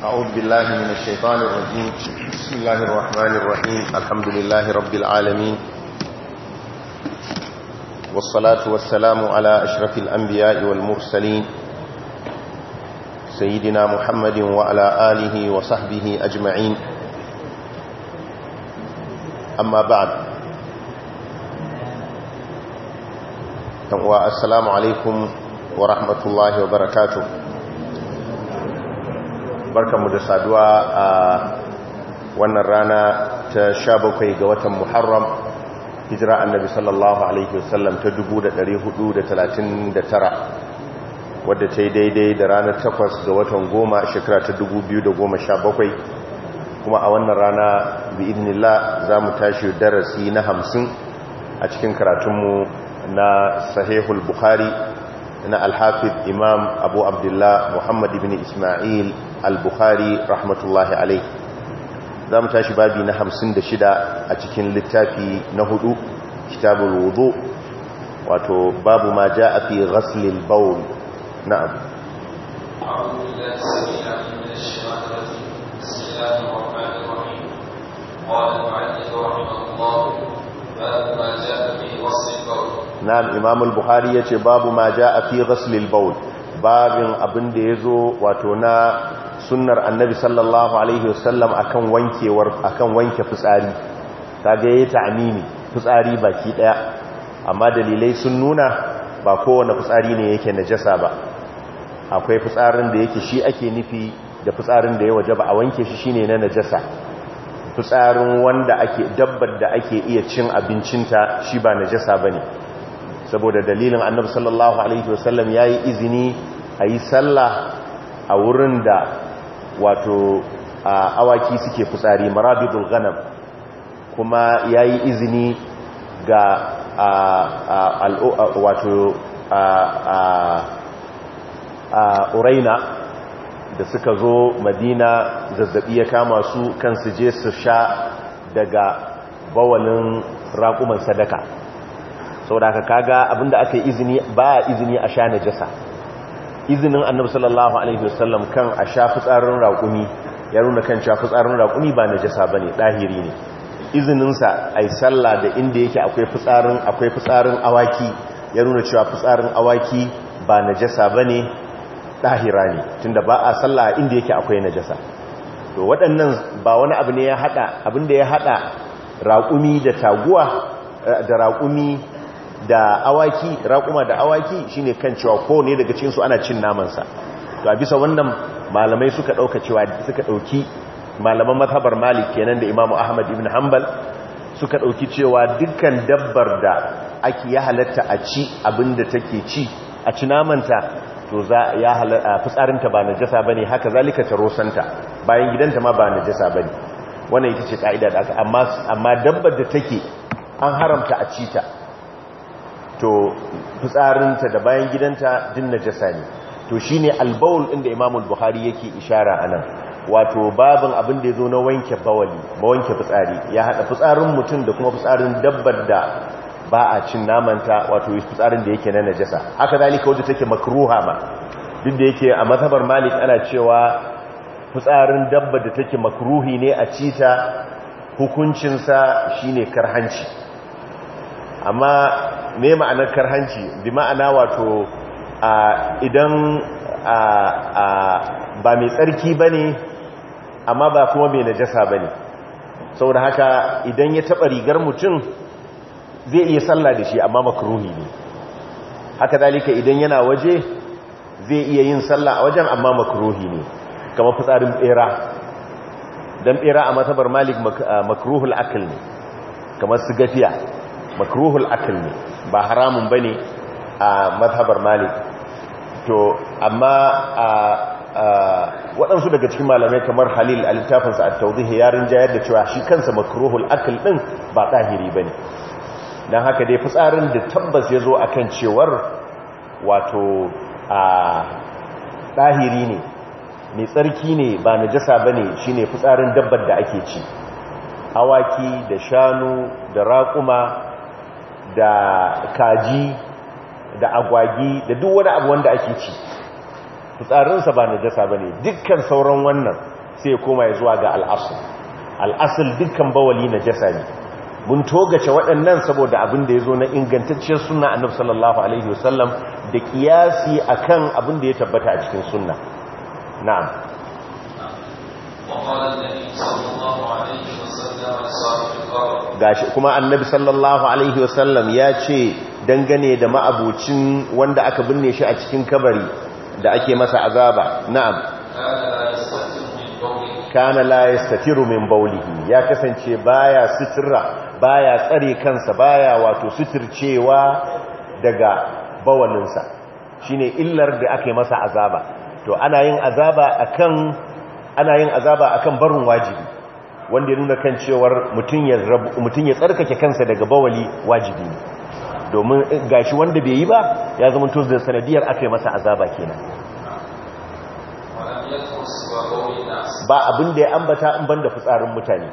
أعوذ بالله من الشيطان الرجيم بسم الله الرحمن الرحيم الحمد لله رب العالمين والصلاة والسلام على أشرف الأنبياء والمرسلين سيدنا محمد وعلى آله وصحبه أجمعين أما بعد السلام عليكم ورحمة الله وبركاته barkanmu da saduwa a wannan rana ta sha bakwai ga watan muharram hijira annabi sallallahu alaihi wasallam ta tara. wadda ta yi daidai da ranar takwas ga watan goma shekara ta da goma sha 2017 kuma a wannan rana bi idinillah za mu tashi darasi na hamsin a cikin karatunmu na sahihul bukhari na alhafiz imam abu abdullah muhammad ibn ismail al-bukhari rahmatullahi alaihi za mu tashi babi na 56 a cikin littafi na hudu kitabul wudu wato babu ma jaa fi ghaslil bawl na'am قال المعلم رحمه الله باب ما جاء في وصف البول nan imam al-bukhari yace babu ma jaa fi ghasl al-bawl babin abin da yazo wato na sunnar annabi sallallahu alaihi wasallam akan wankewar akan wanke fitsari kage yayi ta'mimi fitsari baki daya amma dalilai sun nuna ba kowanne fitsari ne yake najasa ba akwai fitsarin da yake shi ake nufi da fitsarin da ya wajaba a wanke shi shine na najasa fitsarin wanda ake dabbar da ake iya cin abincinta shi ba najasa bane saboda dalilin annabi sallallahu alaihi wasallam ya yi izini a yi sallah a wurin da wato awaki suke fitsari marabidul ghanam kuma ya yi izini ga wato uraina da suka zo madina zazzabi ya kama su kan su je su sha daga bawalin raƙuman sadaka saboda kaga abinda aka yi izini ba izini a sha najasa izinin annabi sallallahu alaihi wasallam kan a sha fitsarin raƙumi ya nuna kan sha fitsarin raƙumi ba najasa bane dahiri ne Izinin sa ai sallah da inda yake akwai fitsarin akwai fitsarin awaki ya nuna cewa fitsarin awaki ba najasa bane dahira ne tunda ba a sallah inda yake akwai najasa to waɗannan ba wani abu ne ya hada abinda ya hada raƙumi da taguwa eh, da raƙumi da awaki raƙuma da awaki shine kan cewa ko ne daga cikin su ana cin namansa to a bisa wannan malamai suka dauka cewa suka dauki malaman mazhabar malik kenan da imamu ahmad ibn hanbal suka ɗauki cewa dukkan dabbar da ake ya halatta a ci abinda take ci a ci namanta to za ya halatta fitsarinta ba na najasa bane haka zalika tarosanta bayan gidanta ma ba najasa bane wannan ita ce kaida da aka amma amma dabbar da take an haramta a ci ta to fitsarinta da bayan gidanta din najasa ne to shine albaul inda Imam Buhari yake ishara anan wato babin abin da zo na wanke bawali ba wanke fitsari ya hada fitsarin mutum da kuma fitsarin dabbar da ba a cin namanta wato fitsarin da yake na najasa haka zalika wanda take makruha ma duk da yake a mazhabar Malik ana cewa fitsarin dabbar da take makruhi ne a cita hukuncinsa shine karhanci amma me ma'anar karhanci bi ma'ana wato idan ba mai tsarki ba ne amma ba kuma mai najasa ba ne da haka idan ya taɓa rigar mutum zai iya sallah da shi amma makaruni ne haka dalika idan yana waje zai iya yin sallah a wajen amma makaruni ne kama fitsarin bera don bera a matabar malik makaruhul akil ne kamar su gafiya makruhul akal ne ba haramun ba ne a mazhabar malik to amma a waɗansu daga cikin malamai kamar halil a littafinsa a tauzihi ya rinjayar da cewa shi kansa makruhul akal ɗin ba ɗahiri ba ne don haka dai fitsarin da tabbas ya zo a kan cewar wato a ɗahiri ne mai tsarki ne ba na jasa ba ne shi ne fitsarin dabbar da ake ci awaki da shanu da raƙuma da kaji da agwagi da duk wani abu wanda ake ci fitsarinsa ba najasa ba ne dukkan sauran wannan sai ya koma ya zuwa ga al'asul al'asul dukkan bawali najasa ne mun togace waɗannan saboda abin da ya zo na ingantacciyar suna annabi sallallahu alaihi wasallam da kiyasi akan abin da ya tabbata a cikin sunna na'am qala an-nabi sallallahu alaihi gashi kuma annabi sallallahu alaihi wasallam ya ce dangane da ma'abucin wanda aka binne shi a cikin kabari da ake masa azaba na'am kana la yastatiru min baulihi. ya kasance baya sutura baya tsare kansa baya wato suturcewa daga bawalinsa shine illar da ake masa azaba to ana yin azaba akan ana yin azaba akan barin wajibi wanda ya nuna kan cewar mutum ya tsarkake kansa daga bawali wajibi ne domin eh, gashi wanda bai yi ba ya zama to da sanadiyar aka masa azaba kenan ba abin ya ambata in da fitsarin mutane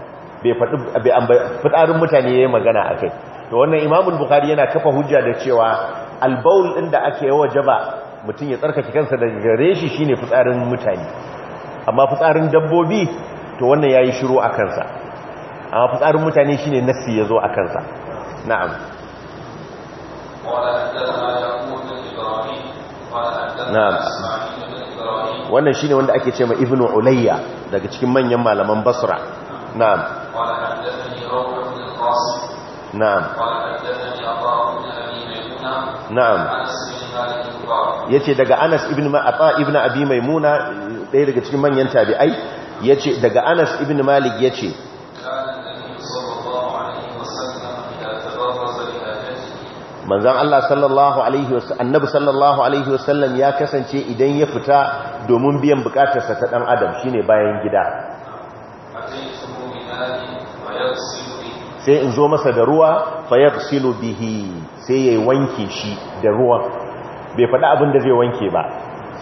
bai faɗi fitsarin mutane ya yi magana a kai to wannan imamun bukari yana kafa hujja da cewa albaul ɗin da ake yawa jaba mutum ya tsarkake kansa daga gare shi shine fitsarin mutane amma fitsarin dabbobi to wannan ya yi shiru a kansa amma fitsarin mutane shi ne nassi ya zo a kansa na'am wannan shi ne wanda ake ce ma ibn ulayya daga cikin manyan malaman basra na'am na'am na'am yace daga Anas ibnu Ma'ata ibn Abi Maimuna ɗaya daga cikin manyan tabi'ai yace daga Anas ibn Malik yace manzan Allah sallallahu alaihi wasallam annabi sallallahu alaihi wasallam ya kasance idan ya fita domin biyan bukatarsa ta dan adam shine bayan gida sai in zo masa da ruwa fayaghsilu bihi sai yayi wanke shi da ruwan bai faɗi abin da zai wanke ba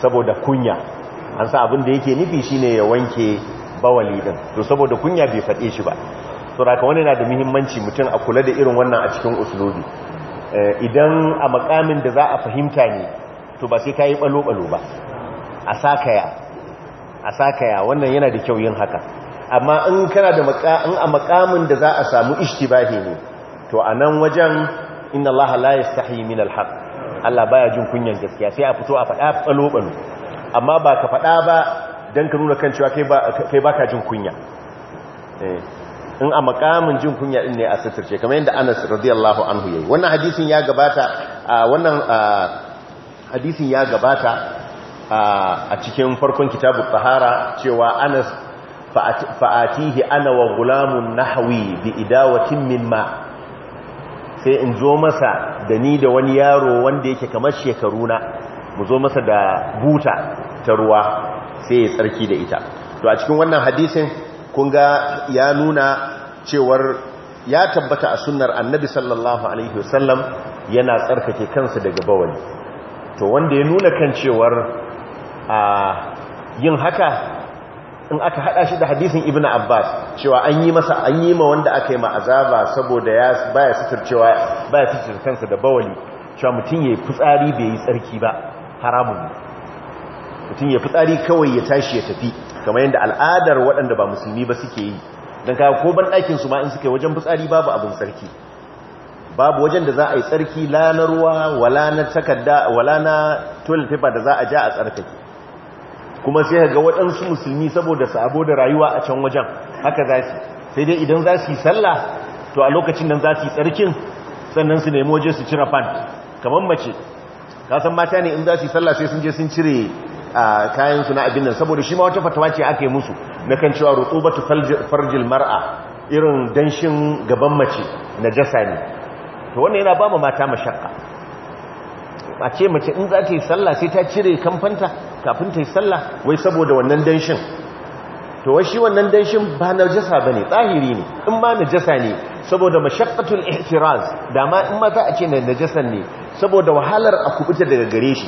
saboda kunya an sa abin da yake nufi shine ya wanke bawali din to saboda kunya bai faɗe shi ba to raka wani na da muhimmanci mutum a kula da irin wannan a cikin usulobi eh, idan a makamin da za a fahimta ne to ba sai ka yi balo-balo ba a sakaya a wannan yana da kyau yin haka amma in kana da makamin a makamin da za a samu ishtibahi ne to a nan wajen inna Allah la yastahi min al Allah baya jin kunyan gaskiya sai a fito a faɗa balo-balo amma ba ka faɗa ba don ka nuna kan cewa kai ba ka jin kunya eh, in a makamin jin kunya din ne a sitirce kamar yadda anas radiyallahu anhu ya gabata a wannan hadisin ya gabata a cikin farkon kitabu tsahara cewa anas fa'atihi ana wa gulamun nahawi bi idawatin mimma sai in zo masa da ni da wani yaro wanda yake kamar shekaruna mu zo masa da buta ta ruwa sai ya tsarki da ita to a cikin wannan hadisin kun ga ya nuna cewar ya tabbata a sunnar annabi sallallahu alaihi wasallam yana tsarkake kansa daga bawali to wanda ya nuna kan cewar a yin haka in aka hada shi da hadisin ibnu abbas cewa an yi masa an yi ma wanda aka yi ma azaba saboda ya baya suturcewa baya sutur kansa da bawali cewa mutum yayi fitsari bai yi tsarki ba haramun mutum ya fitsari kawai ya tashi ya tafi kamar yadda al'adar waɗanda ba musulmi ba suke yi don kawo ko ban ɗakin su ma in suka wajen fitsari babu abin tsarki babu wajen da za a yi tsarki lanarwa na ruwa wala na takarda wala na toilet paper da za a ja a tsarkake kuma sai ga waɗansu musulmi saboda sabo da rayuwa a can wajen haka za su sai dai idan za su yi sallah to a lokacin nan za su yi tsarkin sannan su nemi waje su cire fan kamar mace kasan mata ne in za su yi sallah sai sun je sun cire su na abin nan saboda shi ma wata fatawa ce aka yi musu na kan cewa rutubatu farjil mar'a irin danshin gaban mace na jasa ne to wannan yana ba mu mata mashakka a ce mace in za ta yi sallah sai ta cire kamfanta kafin ta yi sallah wai saboda wannan danshin to wai shi wannan danshin ba na jasa bane tsahiri ne in ma na jasa ne saboda mashaqqatul ihtiraz dama in ma za a ce na najasan ne saboda wahalar a kubuta daga gare shi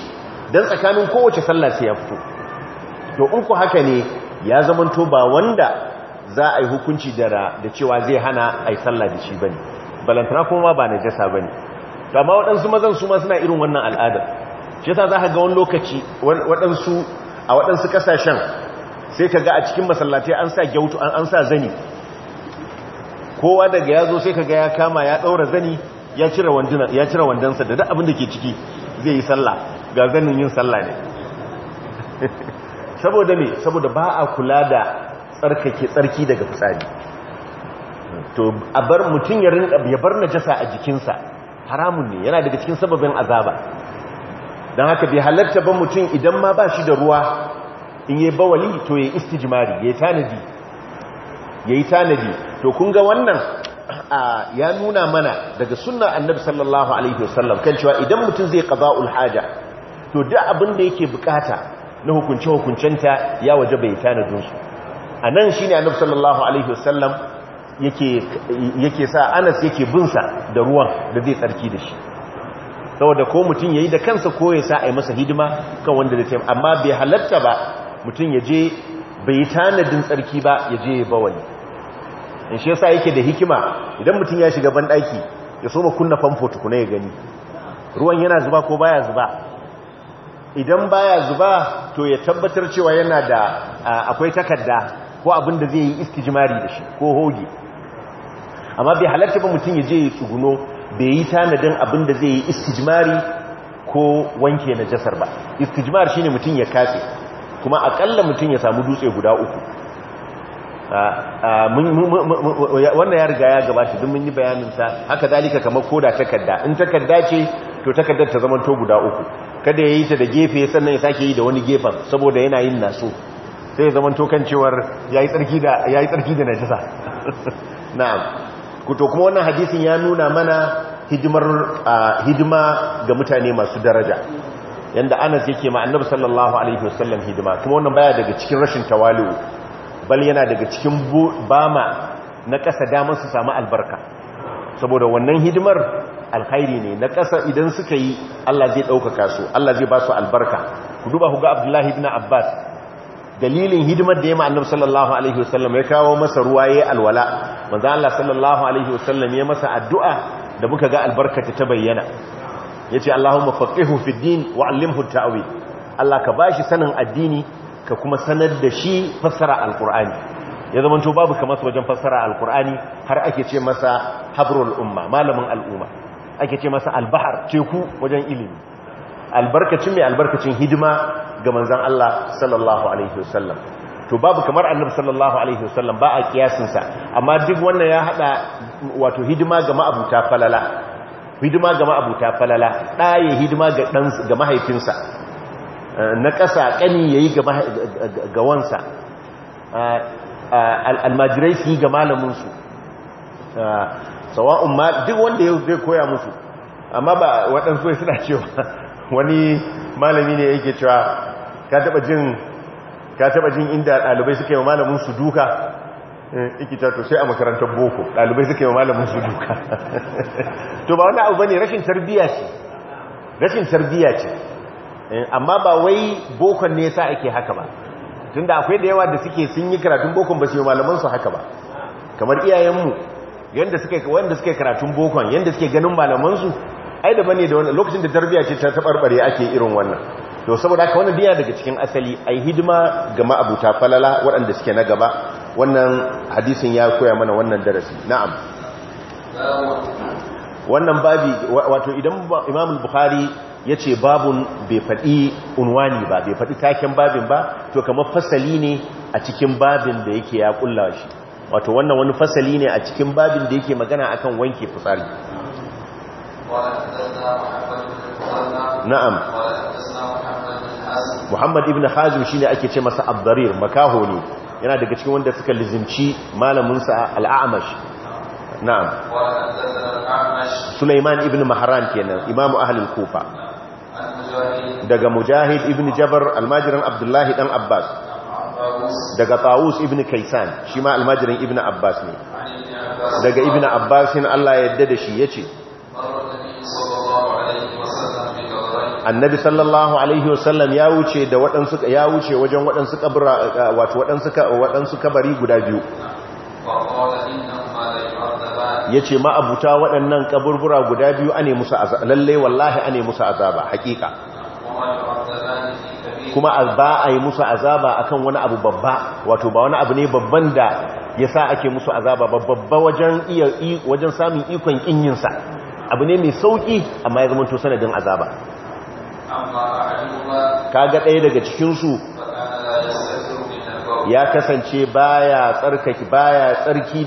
don tsakanin kowace sallah sai ya fito to in ku haka ne ya zamanto ba wanda za a yi hukunci da cewa zai hana a yi sallah da shi ba ne balantana kuma ba na jasa ba ne to amma waɗansu mazan su ma suna irin wannan al'adar shi ta za ka ga wani lokaci waɗansu a waɗansu ƙasashen sai ka ga a cikin masallatai an sa gyautu an sa zani kowa daga ya zo sai ka ga ya kama ya ɗaura zani ya cire wandonsa da duk abin da ke ciki zai yi sallah ga zanin yin sallah ne saboda me saboda ba a kula da tsarkake tsarki daga fitsari to a bar mutum ya rinka ya bar najasa a jikinsa haramun ne yana daga cikin sababin azaba don haka bai halatta ba mutum idan ma ba shi da ruwa in yi bawali to ya istijimari ya yi tanadi ya yi tanadi to kun ga wannan ya nuna mana daga sunna annabi sallallahu alaihi wasallam kan cewa idan mutum zai qaza'ul haja to duk abin da yake bukata na hukunce-hukuncenta ya waje bai tanadinsu a nan shi ne annab sallallahu alaihi wasallam yake sa anas yake bin sa da ruwan da zai tsarki da shi saboda ko mutum ya yi da kansa ko ya sa a yi masa hidima kan wanda da taim amma bai halatta ba mutum ya je bai tanadin tsarki ba ya je ba wani in shi yasa yake da hikima idan mutum ya shiga banɗaki ya so ma kunna famfo tukuna ya gani ruwan yana zuba ko baya zuba idan baya zuba to ya tabbatar cewa yana da akwai takarda ko abin da zai yi istijimari da shi ko hoge amma bai halarta ba mutum ya je ya tsuguno bai yi tanadin abin da zai yi istijimari ko wanke na jasar ba istijimar shine mutum ya kase, kuma akalla mutum ya samu dutse guda uku wannan ya riga ya gabata don mun yi bayaninsa haka zalika kamar koda takarda in takarda ce to takardar ta zama to guda uku kada ya yi ta da gefe sannan ya sake yi da wani gefen saboda yana yin naso sai zaman tokan cewar ya yi tsarki da najasa na'am kuto kuma wannan hadisin ya nuna mana hidima ga mutane masu daraja Yadda anas yake ma annabi sallallahu alaihi wasallam hidima kuma wannan baya daga cikin rashin tawali'u bal yana daga cikin bama na kasa damar su samu albarka saboda wannan hidimar alkhairi ne na ƙasa idan suka yi Allah zai ɗaukaka su Allah zai ba su albarka ku duba ku ga Abdullahi ibn Abbas dalilin hidimar da ya ma'anar sallallahu alaihi wasallam ya kawo masa ruwa ya alwala manzo Allah sallallahu alaihi wasallam ya masa addu'a da muka ga albarka ta bayyana ce Allahumma ma fid din wa 'allimhu ta'awi Allah ka ba shi sanin addini ka kuma sanar da shi fassara Alƙur'ani ya zama to babu kamar wajen fassara alkur'ani har ake ce masa habrul umma malamin al'umma ake ce masa albahar teku wajen ilimi albarkacin mai albarkacin hidima ga manzan Allah sallallahu alaihi wasallam to babu kamar annabi sallallahu alaihi wasallam ba a kiyasinsa amma duk wannan ya hada wato hidima ga ma'abuta falala hidima ga ma'abuta falala ɗaya hidima ga dan ga mahaifinsa eh, na ƙasa ƙani yayi ga ga wansa eh, eh, almajirai su yi ga malamin su sawa'un ma duk wanda ya zai koya musu amma ba waɗansu suna cewa wani malami ne yake cewa ka taɓa jin ka jin inda ɗalibai suka yi malamin su duka ikita eh, to sai a makarantar boko ɗalibai suka yi malamin su duka to ba wani abu ba ne rashin tarbiya ce rashin tarbiya ce eh, amma ba wai bokon ne sa ake haka ba tunda akwai da yawa da suke sun yi karatun bokon ba su yi malaman su haka ba kamar iyayenmu yanda suke wanda karatun bokon yanda suke ganin malamansu, su ai da bane da wannan lokacin da tarbiya ce ta tabarbare ake irin wannan to saboda haka wannan biya daga cikin asali ai hidima ga ma'abuta falala waɗanda suke na gaba wannan hadisin ya koya mana wannan darasi na'am wannan babi wato idan Imam Bukhari ya ce babun bai faɗi unwani ba bai faɗi taken babin ba to kamar fasali ne a cikin babin da yake ya kulla shi wato wannan wani fasali ne a cikin babin da yake magana akan wanke fitsari na'am Muhammad ibn Hazim shine ake ce masa Abdarir makaho ne yana daga cikin wanda suka lizimci malamin sa al'amash na'am Sulaiman ibn Mahran kenan imamu ahlul Kufa daga Mujahid ibn Jabr almajiran Abdullahi dan Abbas daga tawus ibn kaisan shi ma almajirin ibn abbas ne daga ibn abbasin allah ya yadda da shi ya ce annabi sallallahu alaihi wasallam ya wuce da waɗansu ya wuce wajen waɗansu kabura wato waɗansu waɗansu kabari guda biyu Ya ma abuta waɗannan kaburbura guda biyu ane musu azaba wallahi ane musu azaba hakika kuma ba a yi musu azaba akan wani abu babba wato ba wani abu ne babban da ya sa ake musu azaba ba babba wajen iya wajen samun ikon kinyinsa abu ne mai sauƙi amma ya zamanto sanadin azaba kaga ɗaya daga cikinsu ya kasance baya tsarkaki tsarki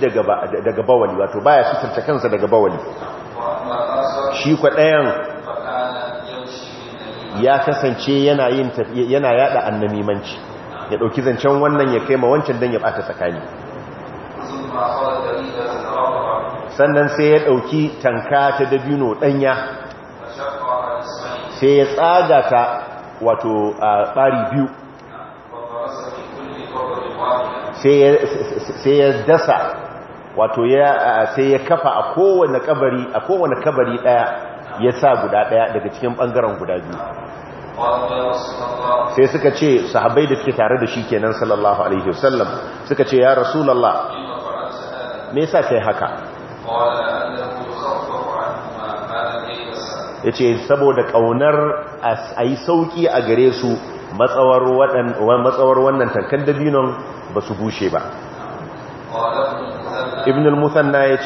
daga bawali wato baya suturta kansa daga bawali shi kwa ɗayan ya kasance yana yin yana yada annamimanci ya dauki zancen wannan ya kai ma wancan dan ya bata tsakani sannan sai ya dauki tanka ta dabino danya sai ya tsaga ta wato bari biyu sai ya dasa wato sai ya kafa a kowane kabari a kowane kabari daya ya sa guda ɗaya daga cikin ɓangaren guda biyu sai suka ce sahabbai da suke tare da shi kenan sallallahu alaihi wasallam suka ce ya lalla. me yasa kai haka ya ce saboda ƙaunar a yi sauƙi a gare su matsawar wannan tankan dabinon ba su bushe ba ibn al-musanna ya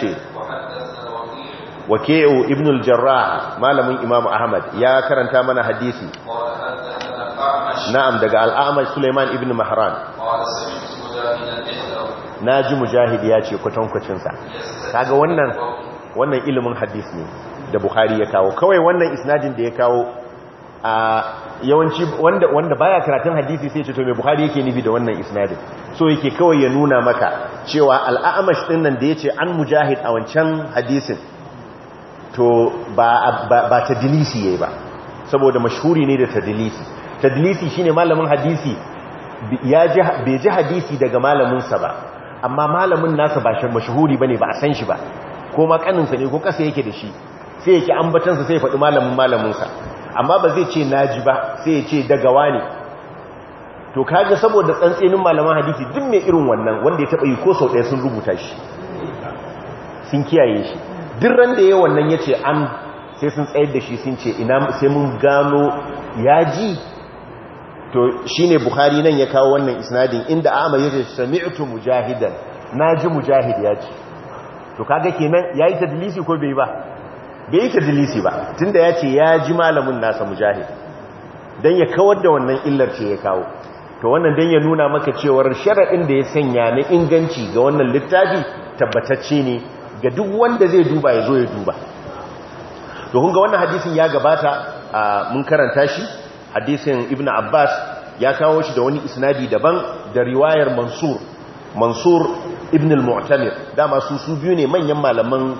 وكيو ibn الجراح مالم malamin imam ahmad ya karanta mana hadisi na'am daga سليمان ابن suleiman ibn مجاهد ياتي mujahid ya ce kwatankwacin sa kaga wannan wannan ilimin hadisi ne da bukhari ya kawo kawai wannan isnadin da ya kawo a yawanci wanda wanda baya karatun hadisi sai ya ce to me bukhari yake nibi da wannan isnadin so yake kawai ya nuna maka cewa al-a'mash din nan da yace an mujahid a wancan hadisin to ba ba tadlisi yayi ba saboda mashhuri ne da tadlisi tadlisi shine malamin hadisi ya ji bai ji hadisi daga malamin ba amma malamin nasa ba shi mashhuri bane ba a san shi ba ko ma kaninsa ne ko kasa yake da shi sai yake ambatansa sai faɗi malamin malaminsa amma ba zai ce naji ba sai ya ce daga wani to kaga saboda tsantsenin malaman hadisi duk mai irin wannan wanda ya taɓa yi ko sau ɗaya sun rubuta shi sun kiyaye shi dirran da ya wannan ya ce an sai sun tsayar da shi sun ce ina sai mun gano ya ji to shi ne buhari nan ya kawo wannan isnadin inda amma ya ce sami'tu mujahidan na ji mujahid ya ce to kaga kenan ya yi tadilisi ko bai ba bai yi tadilisi ba tunda ya ce ya ji malamin nasa mujahid don ya kawar da wannan illar ce ya kawo to wannan don ya nuna maka cewar sharaɗin da ya sanya na inganci ga wannan littafi tabbatacce ne ga duk wanda zai duba ya zo ya duba to kun ga wannan hadisin ya gabata mun karanta shi hadisin ibnu abbas ya kawo shi da wani isnadi daban da riwayar mansur mansur ibn al-mu'tamir dama su su biyu ne manyan malaman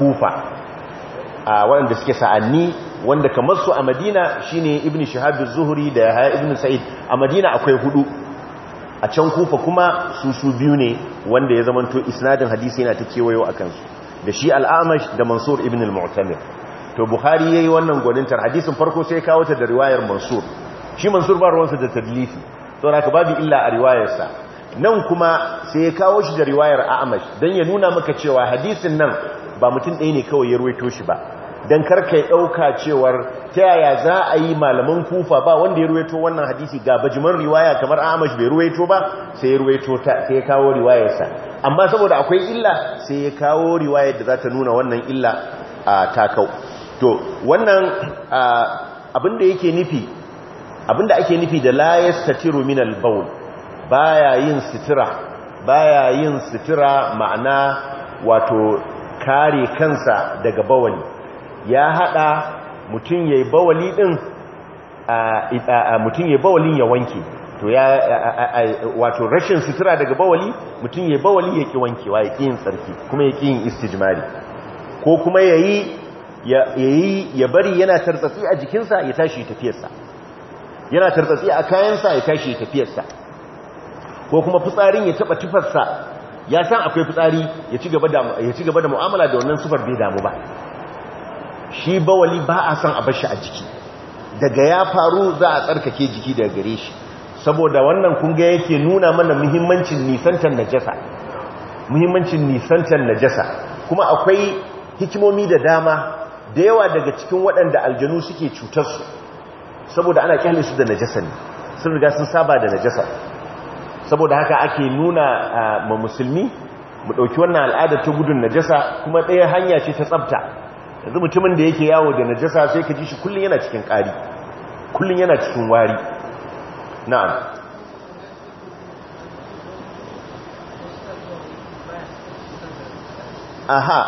kufa waɗanda suke sa'anni wanda kamar su a madina shine ibnu shahab az-zuhri da ibn sa'id a madina akwai hudu a can kufa kuma su su biyu ne wanda ya zamanto isnadin hadisi yana ta kewayo a kansu da shi al'amash da mansur ibn al-mu'tamir to bukhari yayi wannan gwanintar hadisin farko sai kawo ta da riwayar mansur shi mansur ba ruwansa da tadlifi to haka babu illa a riwayarsa nan kuma sai ya kawo shi da riwayar a'amash dan ya nuna maka cewa hadisin nan ba mutum ɗaya ne kawai ya ruwaito shi ba don karkai ɗauka cewar ta yaya za a yi malaman kufa ba wanda ya ruwaito wannan hadisi ga bajiman riwaya kamar amash bai ruwaito ba sai ya ruwaito ta sai ya kawo riwayarsa amma saboda akwai illa sai ya kawo riwayar da za ta nuna wannan illa a takau to wannan da yake nufi abinda ake nufi da la yastatiru min al-bawl baya yin sitira baya yin sitira ma'ana wato kare kansa daga bawani. ya hada mutum ya yi bawali din mutum ya yi bawalin ya wanke to ya wato rashin sutura daga bawali mutum ya yi bawali ya ki wankewa ya ki yin tsarki kuma ya ki yin istijimari. ko kuma ya yi ya bari yana tartsatsi a jikinsa ya tashi tafiyarsa yana tartsatsi a kayansa ya tashi tafiyarsa ko kuma fitsarin ya taba tufarsa ya san akwai fitsari ya ci gaba da mu'amala da wannan sufar bai damu ba shi bawali ba a son a shi a jiki daga ya faru za a tsarkake jiki daga gare shi saboda wannan kunga yake nuna mana muhimmancin nisantar najasa muhimmancin nisantar najasa kuma akwai hikimomi da dama da yawa daga cikin waɗanda aljanu suke cutarsu saboda ana kyale su da najasa ne sun riga sun saba da najasa saboda haka ake nuna ah, ma musulmi mu ɗauki wannan al'adar ta gudun najasa kuma ɗaya hanya ce ta tsabta yanzu mutumin da yake yawo da najasa sai ka ji shi kullum yana cikin ƙari kullum yana cikin wari na'am aha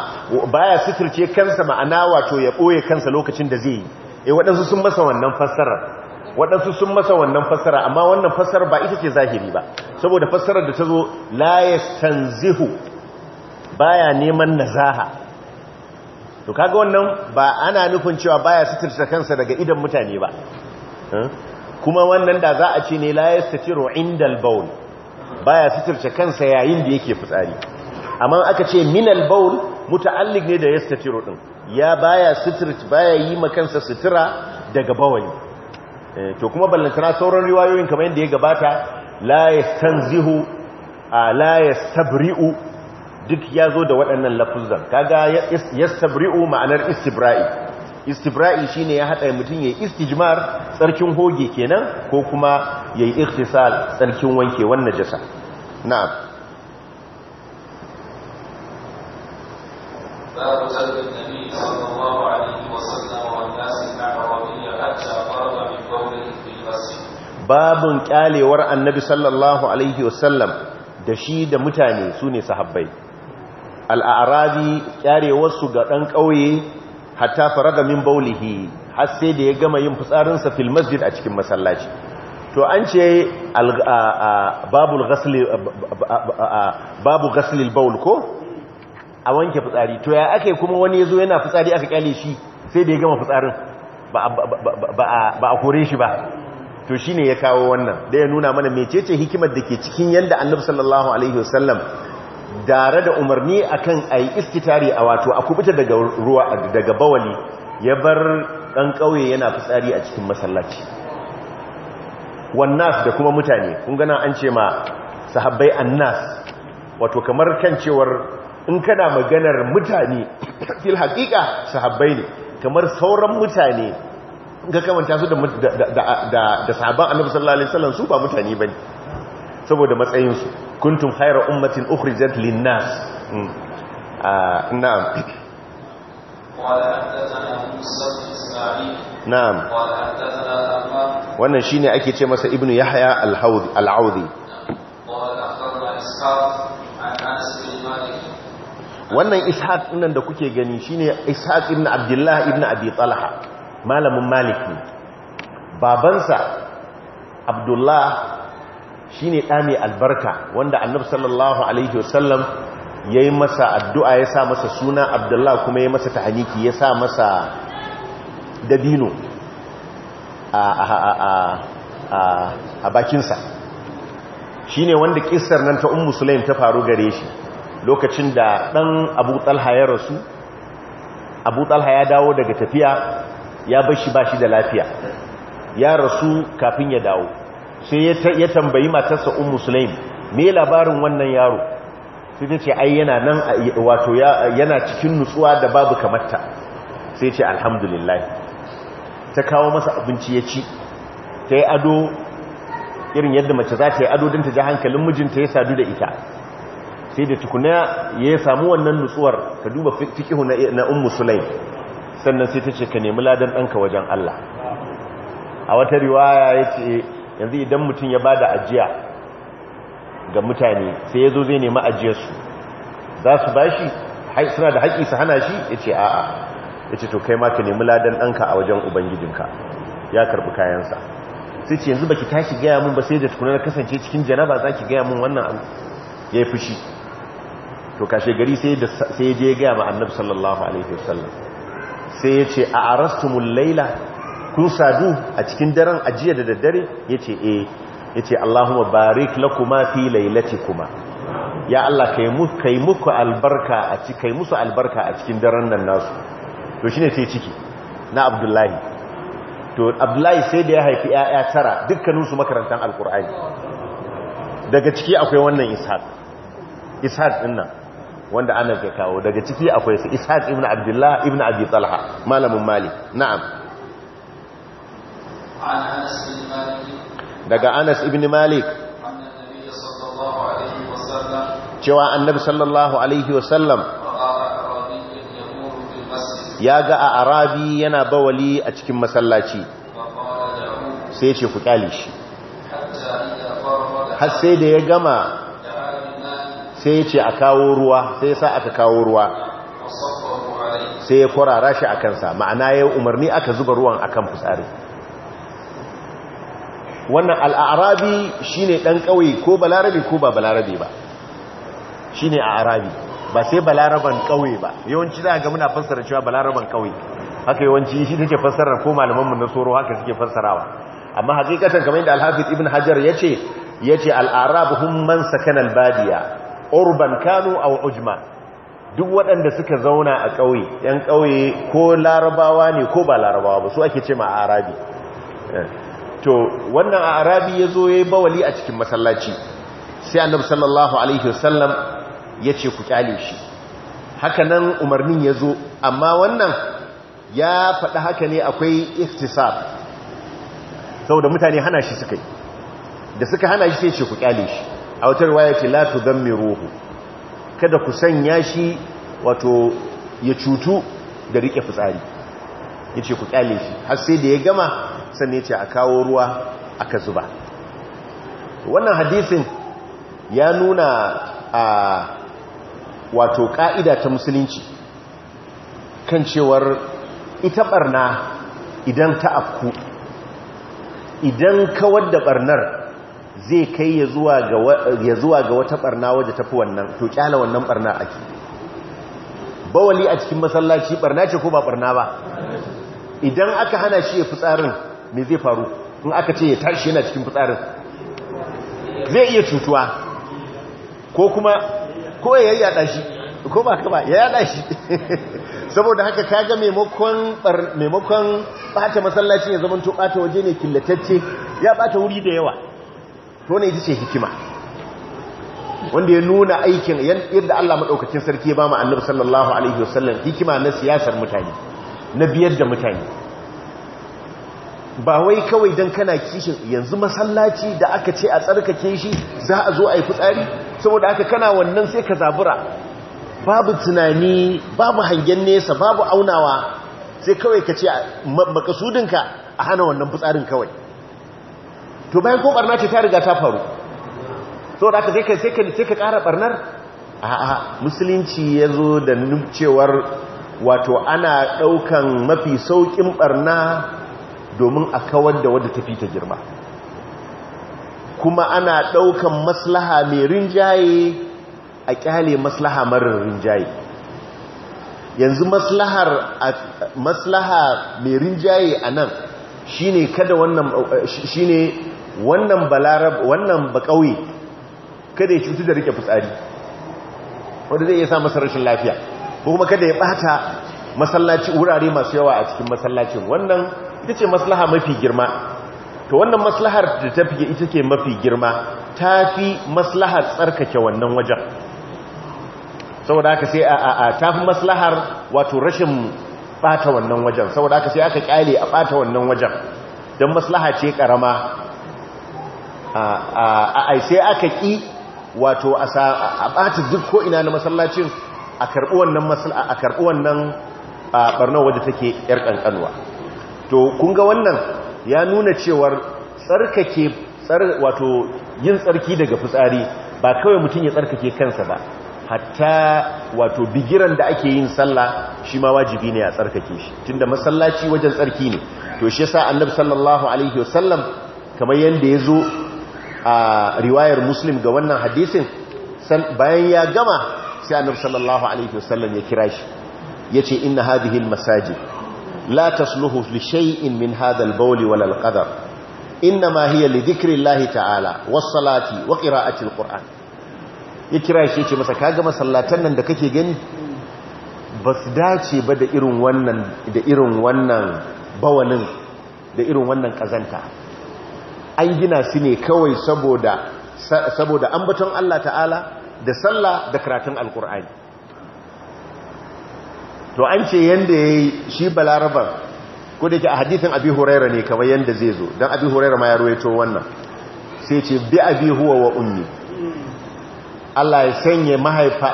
baya sitirce kansa ma'ana wato ya ɓoye kansa lokacin da zai yi eh waɗansu sun masa wannan fassarar waɗansu sun masa wannan fassara amma wannan fassarar ba ita ce zahiri ba saboda fassarar da ta zo la yastanzihu baya neman nazaha to kaga wannan ba ana nufin cewa baya suturta kansa daga idan mutane ba kuma wannan da za a ce ne la yastatiru indal bawl baya suturta kansa yayin da yake fitsari amma aka ce minal bawl muta'alliq ne da yastatiru din ya baya suturta baya yi ma kansa sutura daga bawali eh, to kuma ballantana sauran riwayoyin kamar yadda ya gabata la yastanzihu la yastabri'u duk ya zo da waɗannan lafuzan kaga sabri'u ma'anar istibra'i istibra'i shi ne ya haɗa mutum yayi istijmar tsarkin hoge kenan ko kuma ya yi iktisal tsarkin wanke wannan jasa na'am babu babun kyalewar annabi sallallahu alaihi wasallam da shi da mutane su ne sahabbai al'arabi kyarewarsu ga ɗan ƙauye hatta da min baulihi har sai da ya gama yin fitsarinsa fil masjid a cikin masallaci to an ce babu gaslil baul ko a wanke fitsari to ya ake kuma wani ya zo yana fitsari aka kyale shi sai da ya gama fitsarin ba a kore shi ba to shi ne ya kawo wannan da ya nuna mana mecece hikimar da ke cikin yadda annabi sallallahu alaihi wasallam dare da umarni akan ayi iskitari a wato a kubuta daga ruwa daga bawali ya bar ɗan ƙauye yana fitsari a cikin masallaci wannas da kuma mutane kun gana an ce ma sahabbai annas wato kamar kan cewar in kana maganar mutane fil haƙiƙa sahabbai ne kamar sauran mutane ga kamanta su da sahabban annabi sallallahu alaihi wasallam su ba mutane bane saboda su kuntum khayra ummatin ukhrijat lin-nas hmm. ah, na'am na'am wannan shine ake ce masa ibnu yahya al-haudi al-audi wannan ishaq nan da kuke gani shine ishaq ibn abdullah ibn abi talha malamin maliki babansa abdullah shine ɗa mai albarka wanda annabi sallallahu alaihi wasallam ya yi masa addu'a ya sa masa suna abdullah kuma ya masa tahaniki ya sa masa dabino a bakinsa shi ne wanda kisar nan ta ummu ta faru gare shi lokacin da ɗan abu talha ya rasu abu talha ya dawo daga tafiya ya bashi bashi da lafiya ya rasu kafin ya dawo sai ya tambayi matarsa ummu sulaim me labarin wannan yaro sai ta ce ai yana nan wato yana cikin nutsuwa da babu kamarta sai ce alhamdulillah ta kawo masa abinci ya ci ta yi ado irin yadda mace za ta yi ado don ta ji hankalin mijinta ya sadu da ita sai da tukuna ya samu wannan nutsuwar ka duba fikihu na ummu sulaim sannan sai ta ce ka nemi ladan ɗanka wajen Allah a wata riwaya ya ce yanzu idan mutum ya bada ajiya ga mutane sai ya zo zai nemi ajiyarsu za su ba shi suna da haƙi su hana shi ya ce a'a ya ce to kai ma ka nemi ladan ɗanka a wajen ubangijinka ya karɓi kayansa sai ce yanzu ba ki tashi gaya mun ba sai da tukunar kasance cikin janaba za ki gaya mun wannan abu ya yi fushi to kashe gari sai ya je gaya ma annabi sallallahu alaihi wasallam sai ya ce a arastumul laila kun sadu a cikin daren ajiya da daddare yace eh yace Allahumma barik lakuma fi kuma ya Allah kai mu kai muku albarka a cikin kai musu albarka a cikin daren nan nasu to shine sai ciki na Abdullahi to Abdullahi sai da ya haifi 'ya'ya tara dukkanin su makarantan alqur'ani daga ciki akwai wannan Ishaq Ishaq din nan wanda ana ya kawo daga ciki akwai su Ishaq ibn Abdullah ibnu Abi Talha malamin Malik na'am daga anas ibn malik cewa annabi sallallahu alaihi wasallam ya ga a arabi yana bawali a cikin masallaci sai ce ku kyale shi har sai da ya gama sai ce a kawo ruwa sai sa aka kawo ruwa sai ya kwarara shi a kansa ma'ana ya umarni aka zuba ruwan akan fitsari wannan al'arabi shi ne ɗan ƙauye ko balarabe ko ba balarabe ba shi ne al'arabi ba sai balaraban ƙauye ba yawanci za a ga muna fassara cewa balaraban ƙauye haka yawanci shi take fassara ko malamanmu na tsoro haka suke fassarawa amma hakikatan kamar yadda alhafiz ibn hajar ya ce ya ce al'arab hun man sakan albadiya urban kanu a ujma duk waɗanda suka zauna a ƙauye ‘yan ƙauye ko larabawa ne ko ba larabawa ba su ake ce ma arabi eh. to wannan a arabi ya zo ya yi bawali a cikin masallaci sai annabi sallallahu alaihi wasallam ya ce ku kyale shi haka nan umarnin ya zo amma wannan ya faɗi haka ne akwai iftisar da mutane hana shi suka yi da suka hana shi sai ce ku kyale shi a wata riwaya ce mai roho. kada ku sanya shi wato ya cutu da rike fitsari Ya ce ku kyale shi har sai da ya gama sannan ce a kawo ruwa aka zuba wannan hadisin ya nuna a wato ka'ida ta musulunci kan cewar ita barna idan ta afku idan kawar da barnar zai kai ya zuwa ga wata barna wadda tafi wannan to kyala wannan barna ake bawali a cikin masallaci barna ce ko ba barna ba idan aka hana shi ya fi tsarin me zai faru in aka ce ya tashi yana cikin fitsarin zai iya cutuwa ko kuma ko ya yada shi ko ba kama ya yada shi saboda haka kaga maimakon bata masallacin ya zama to bata waje ne killatacce ya bata wuri da yawa to ne ita ce hikima wanda ya nuna aikin yadda Allah maɗaukacin sarki ya ba mu annabi sallallahu alaihi wasallam hikima na siyasar mutane na biyar da mutane ba wai kawai don kana kishin yanzu masallaci da aka ce a tsarkake shi za a zo a yi fitsari saboda aka kana wannan sai ka zabura babu tunani babu hangen nesa babu aunawa sai kawai ka ce makasudinka a hana wannan fitsarin kawai to bayan ko barna ce ta riga ta faru saboda aka sai ka kara barnar a'a musulunci ya zo da cewar wato ana ɗaukan mafi sauƙin barna domin a kawar da wadda tafi ta girma kuma ana ɗaukan maslaha mai rinjaye a ƙyale maslaha marar rinjaye yanzu maslahar maslaha mai rinjaye a nan shine kada wannan shine wannan balarab wannan bakauye kada ya cutu da rike fitsari wanda zai iya sa masa lafiya ko kuma kada ya bata masallaci wurare masu yawa a cikin masallacin wannan ita ce maslaha mafi girma to wannan maslahar da ta fi ita ke mafi girma ta fi maslahar tsarkake wannan wajen saboda aka sai a ta fi maslahar wato rashin bata wannan wajen saboda aka sai aka kyale a bata wannan wajen don maslaha ce karama a sai aka ƙi wato a bata duk ko'ina na masallacin a karɓi wannan barnar wadda take ‘yar ƙanƙanwa to kun ga wannan ya nuna cewar tsarkake wato yin tsarki daga fitsari ba kawai mutum ya tsarkake kansa ba hatta wato bigiran da ake yin sallah shi ma wajibi ne a tsarkake shi tun da masallaci wajen tsarki ne to shi sa annab sallallahu alaihi wasallam kamar yanda zo a riwayar muslim ga wannan hadisin bayan ya gama sai annab sallallahu alaihi wasallam ya kira shi yace inna hadhihi almasajid la tasluhu li shay'in min hadha Bauli bawl wal al-qadar inma hiya li dhikrillahi ta'ala was salati wa qira'ati al-qur'an ya kira shi ce masa kaga masallatan nan da kake gani ba su dace ba da irin wannan da da irin wannan kazanta an gina su ne kawai saboda an ambaton Allah ta'ala da sallah da karatun Alƙur'ani. to an ce yadda ya yi shi balarabar ko da ke a hadithin abi huraira ne kamar yadda zai zo don abi huraira ma ya ruwaito wannan sai ce bi abi huwa wa ummi Allah ya sanya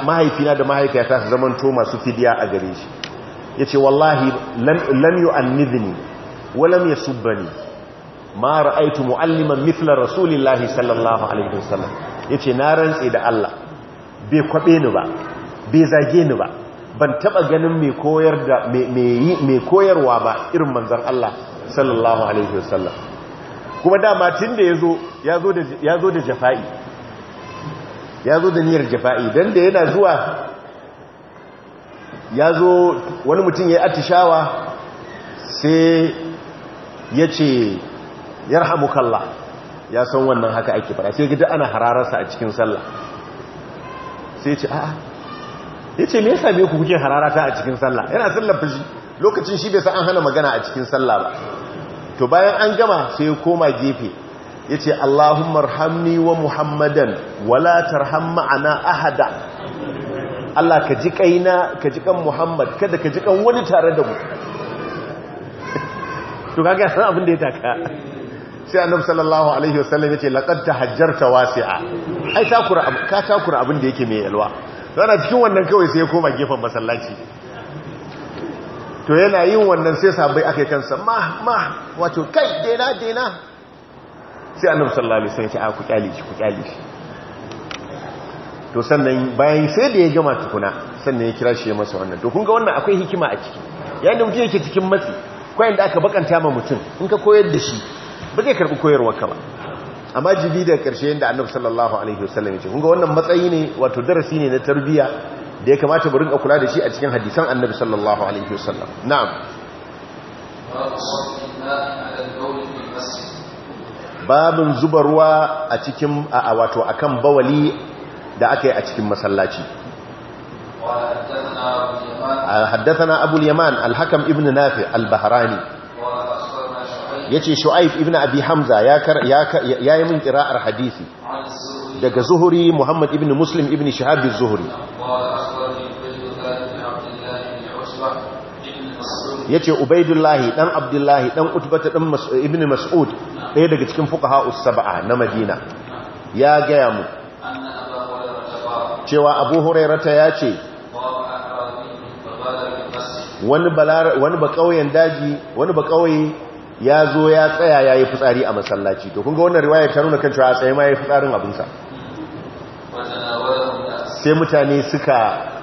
mahaifina da mahaifiyata su zamanto masu fidiya a gare shi ya ce wallahi lam yi annidini walam ya subbani ma ra'aitu mu'alliman mithla rasulillahi sallallahu alaihi wasallam ya ce na rantse da Allah bai kwaɓe ni ba bai zage ni ba ban taba ganin mai koyar da mai koyarwa ba irin manzon Allah sallallahu alaihi wasallam kuma dama tun da yazo yazo da yazo da jafa'i yazo da niyyar jafa'i dan da yana zuwa yazo wani mutum yayi atishawa sai yace yarhamukallah ya san wannan haka ake fara sai gida ana sa a cikin sallah sai ya ce a'a ya ce me ya same ku kuke hararata a cikin sallah yana sallar fashi lokacin shi bai sa an hana magana a cikin sallah ba to bayan an gama sai ya koma gefe ya ce Allahumma rahamni wa Muhammadan walatar hamma ana ahada Allah ka ji kaina ka ji kan Muhammad kada ka ji kan wani tare da mu to kaga san abin da ya taka sai annabi sallallahu alaihi wasallam ce laqad tahajjarta wasi'a ai takura ka takura abin da yake mai yalwa yana cikin wannan kawai sai ya koma gefen masallaci to yana yin wannan sai sabai aka yi kansa ma ma wato kai dena dena sai annabi sallallahu alaihi wasallam ya ce a ku kyali shi ku kyali shi to sannan bayan sai da ya gama tukuna sannan ya kira shi ya masa wannan to kun ga wannan akwai hikima a ciki yayin da mutum yake cikin matsi kwayan da aka bakanta ma mutum in ka koyar da shi ba zai karbi koyarwa ka ba amma jibi da karshe yadda annabi sallallahu alaihi wasallam yace kunga wannan matsayi ne wato darasi ne na tarbiyya da ya kamata mu rinka kula da shi a cikin hadisan annabi sallallahu alaihi wasallam na'am babin zubarwa a cikin a wato akan bawali da aka yi a cikin masallaci حدثنا أبو اليمان الحكم ابن نافع البهراني yace shu'aib ibn abi hamza ya yi min qira'ar hadisi daga zuhuri muhammad ibn muslim ibn shihab zuhuri. Ya yace ubaidullahi dan abdullahi dan utbata ɗan ibn mas'ud ɗaya daga cikin fuka ha'us saba na madina ya gaya mu cewa abu hurairata ya ce wani ba kauyen daji wani ba ya zo ya tsaya ya yi fitsari a masallaci to kun ga wannan riwaya ta nuna kan cewa a tsaye ma ya yi fitsarin abinsa sai mutane suka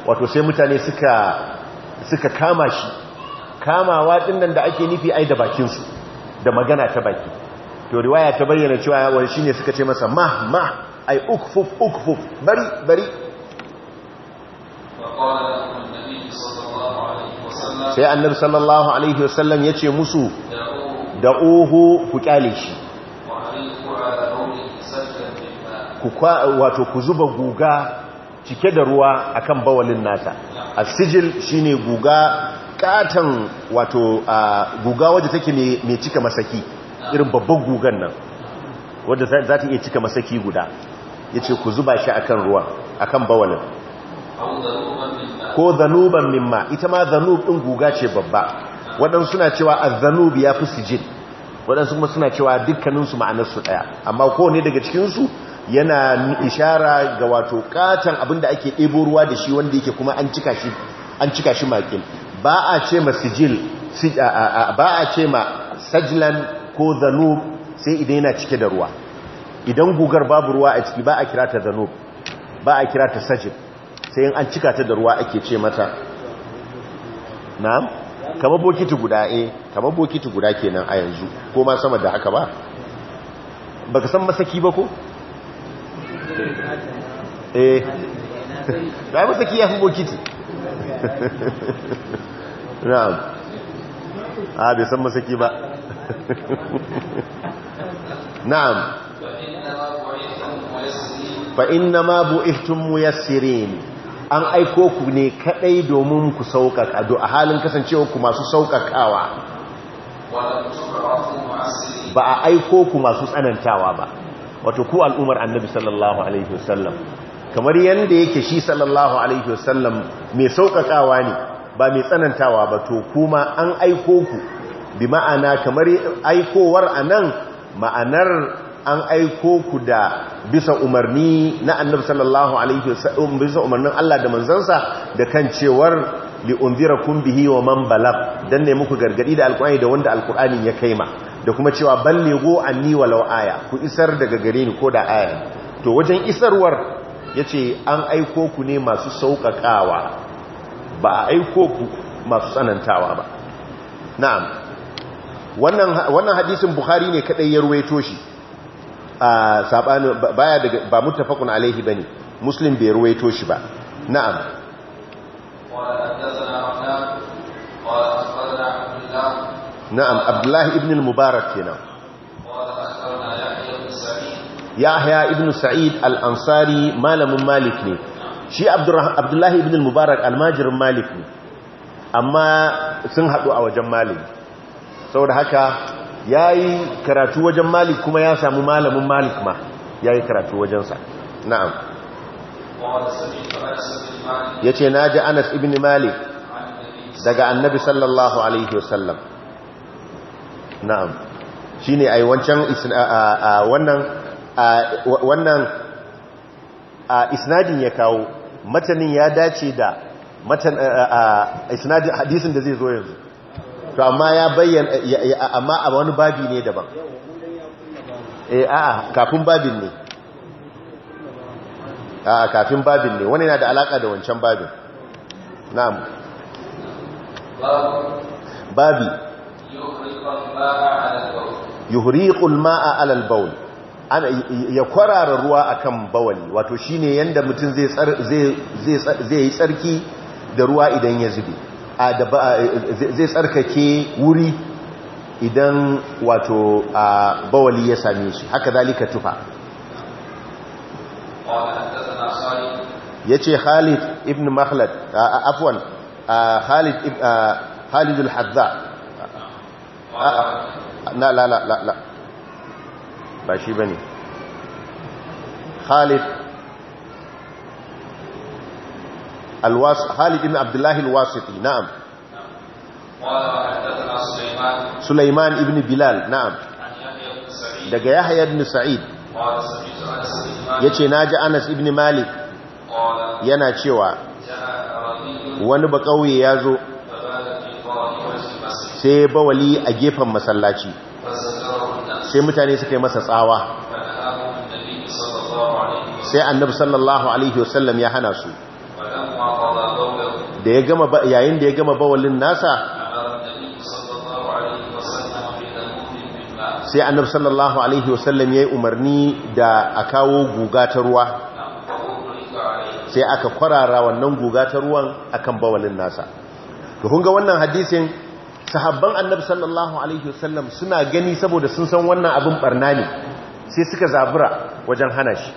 wato sai mutane suka suka kama shi kamawa ɗinnan da ake nufi ai da bakinsu da magana ta baki to riwaya ta bayyana cewa wani shi ne suka ce masa ma ma ai ukfuf ukfuf bari bari sai annabi sallallahu alaihi wasallam ce musu da oho ku kyale shi wato ku zuba guga cike da ruwa akan bawalin nata a shi shine guga katan wato guga wadda take mai cika masaki irin babban gugan nan wadda za ta iya cika masaki guda ya ce ku zuba shi akan ruwa akan bawalin ko zanuban mimma ita ma zanub ɗin guga ce babba waɗansu suna cewa azanub ya fi sijin waɗansu kuma suna cewa dukkaninsu ma'anarsu ɗaya amma kowane daga cikinsu yana ishara ga wato katon abinda ake ɗebo ruwa da shi wanda yake kuma an cika shi an cika shi ba a ce ma sijil ba a ce ma sajlan ko zanub sai idan yana cike da ruwa idan gugar babu ruwa a ciki ba a kira ta zanub ba a kira ta sajil sai an cika ta da ruwa ake ce mata na'am kama bokiti guda eh kama bokiti guda kenan a yanzu ko ma sama da haka ba baka san masaki ba ko eh da masaki ya fi bokiti na'am a bai san masaki ba na'am fa inna ma bu'ithum muyassirin an aiko ku ne kadai domin ku sauƙaƙa a halin kasancewa ku masu sauƙaƙawa ba a aiko ku masu tsanantawa ba wato ku al'umar annabi sallallahu alaihi wasallam kamar yadda yake shi sallallahu alaihi wasallam mai sauƙaƙawa ne ba mai tsanantawa ba to kuma an aiko ku bi ma'ana kamar aikowar anan ma'anar an aiko ku da bisa umarni na annabi sallallahu alaihi wasallam bisa umarnin Allah da manzansa da kan cewar li kun bihi wa man balag dan ne muku gargadi da alqur'ani da wanda alqur'ani ya kaima da kuma cewa ballego anni walau aya ku isar daga gare ni ko da aya to wajen isarwar yace an aiko ku ne masu sauƙaƙawa ba a aiko ku masu tsanantawa ba na'am wannan hadisin bukhari ne kadai ya ruwaito shi ba baya daga ba muttafaqun alaihi bane muslim bai ruwaito shi ba na'am na'am abdullahi ibn al-mubarak kenan yahya ibn sa'id al-ansari malamin malik ne shi abdullahi ibn al-mubarak almajirin malik ne amma sun haɗu a wajen sau da haka ya yi karatu wajen malik kuma ya samu malamin malik ma ya yi karatu wajensa na'am ya ce na ji anas ibn malik daga annabi sallallahu alaihi wasallam na'am shi ne a yi wancan wannan a isnadin ya kawo matanin ya dace da matan isnadin hadisin da zai zo yanzu to amma ya bayyana amma a wani babi ne daban eh a'a kafin babin ne a kafin babin ne wani na da alaka da wancan babin na'am babi yuhriqul ma'a 'ala al-bawl ya kwarara ruwa akan bawali wato shine yanda mutum zai zai zai yi tsarki da ruwa idan ya zube zai tsarkake wuri idan wato bawali ya same shi haka zalika tufa ya ce khalid ibn mahlad afwan khalid khalid al-hadza na la la la ba shi bane khalid Khalid ibn Abdullahi al-Wasiti na'am Sulaiman ibn Bilal na'am daga Yahya ibn Sa'id yace naji Anas ibn Malik yana cewa wani bakauye yazo sai bawali a gefen masallaci sai mutane suka yi masa tsawa sai annabi sallallahu alaihi wasallam ya hana su da ya gama yayin da ya gama bawalin nasa sai annab sallallahu alaihi wasallam ya umarni da a kawo guga ta ruwa sai aka kwarara wannan guga ta ruwan akan bawalin nasa to kun ga wannan hadisin sahabban annab sallallahu alaihi wasallam suna gani saboda sun san wannan abin barna ne sai suka zabura wajen hana shi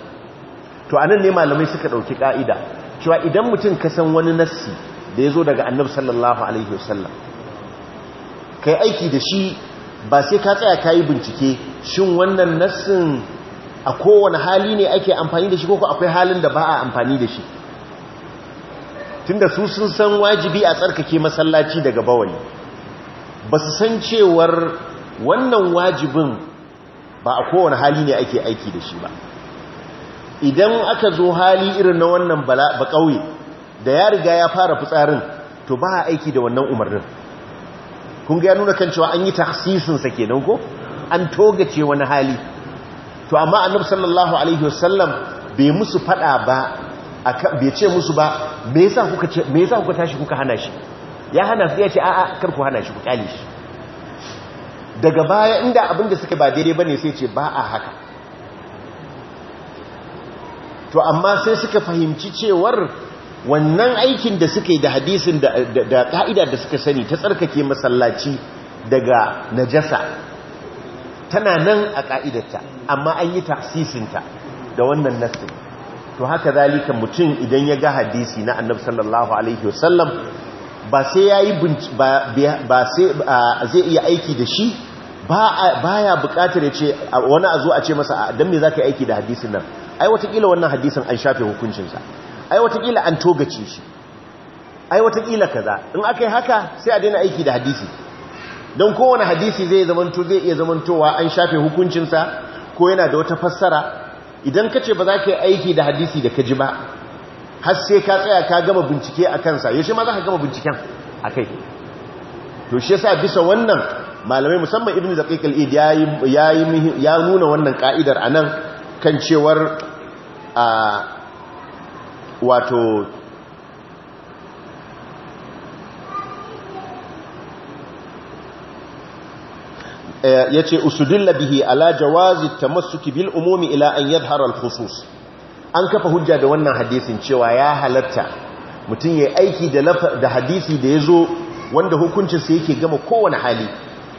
to anan ne malamai suka dauki ka'ida cewa idan mutum ka san wani nassi da ya zo daga annabi sallallahu alaihi wasallam kai aiki da shi ba sai ka tsaya ka yi bincike shin wannan nassin a kowane hali ne ake amfani da shi ko akwai halin da ba a amfani da shi tunda su sun san wajibi a tsarkake masallaci daga bawali ba su san cewar wannan wajibin ba a kowane hali ne ake aiki da shi ba idan aka zo hali irin na wannan ba ƙauye da ya riga ya fara fitsarin to ba a aiki da wannan umarnin kun ga ya nuna kan cewa an yi taksisinsa kenan ko an ce wani hali to amma annabi sallallahu alaihi wasallam bai musu fada ba bai ce musu ba me yasa kuka ce me yasa kuka tashi kuka hana shi ya hana su ya ce a'a kar ku hana shi ku kyale shi daga baya inda abin da suka ba daidai bane sai ce ba a haka to amma sai suka fahimci cewar wannan aikin da suka yi da hadisin da ka'ida da suka sani ta tsarkake masallaci daga najasa tana nan a ka'idarta amma an yi tasisinta da wannan nassin to haka zalika mutum idan ya ga hadisi na annabu sallallahu alaihi wasallam ba sai ba sai zai iya aiki da shi ba ya bukatar ce wani a zo a ce masa dan me ka yi aiki da hadisin nan ai watakila wannan hadisin an shafe hukuncinsa ai watakila an togace shi ai watakila kaza in aka yi haka sai a daina aiki da hadisi don kowane hadisi zai zamanto zai iya zamantowa an shafe hukuncinsa ko yana da wata fassara idan ka ce ba za ka yi aiki da hadisi da ka ji ba har sai ka tsaya ka gama bincike a kansa yaushe ma za ka gama binciken a kai to shi yasa bisa wannan malamai musamman ibn zaqiq al-id ya nuna wannan ka'idar anan kan cewar a wato eh, ya ce usudilla bihi ala jawazi ta masu bil umumi ila an yadhara haral khusus an kafa hujja da wannan hadisin cewa ya halatta mutum ya aiki da hadisi da ya zo wanda hukuncinsa yake gama kowane hali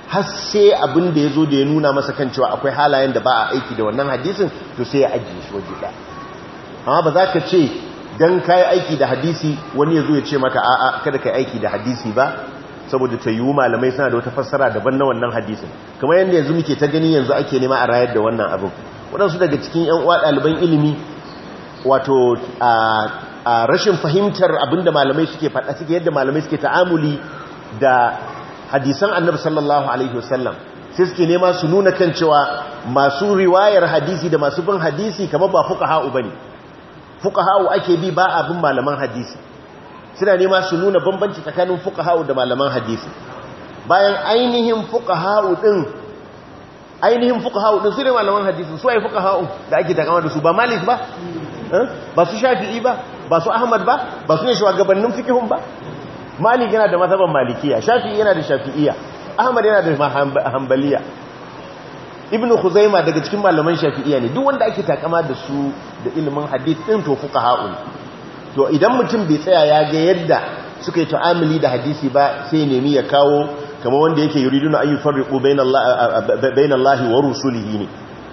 har sai abin da ya zo da ya nuna masa kan cewa akwai halayen da ba a aiki da wannan hadisin to sai ya ajiye shi waje amma ba za ka ce dan yi aiki da hadisi wani zo ya ce maka a'a kada ka yi aiki da hadisi ba saboda ta yiwu malamai suna da wata fassara daban na wannan hadisin kamar yadda yanzu muke ta gani yanzu ake nema a rayar da wannan abin waɗansu daga cikin yan uwa ɗaliban ilimi wato a rashin fahimtar abin da malamai suke faɗa suke yadda malamai suke ta'amuli da hadisan annabi sallallahu alaihi wasallam sai suke nema su nuna kan cewa masu riwayar hadisi da masu bin hadisi kamar ba fuka ha'u ba ne. fuqaha'u ake bi ba abin malaman hadisi suna nema su nuna bambanci tsakanin fuqaha'u da malaman hadisi bayan ainihin fuqaha'u din ainihin fuqaha'u din su ne malaman hadisi su ai fuqaha'u da ake takama da su ba malik ba eh, ba su shafi'i ba ba su ahmad ba ba su ne shugabannin fikihun ba malik yana da mazhaban malikiya shafi'i yana da shafi'iya ahmad yana da hanbaliya ibn khuzaima daga cikin malaman shafi'iyya ne duk wanda ake takama da su da ilimin hadith din to fuqaha'u to idan mutum bai tsaya ya ga yadda suka yi ta'amuli da hadisi ba sai nemi ya kawo kamar wanda yake yuriduna an yufarriqu bainallahi wa rusulihi ne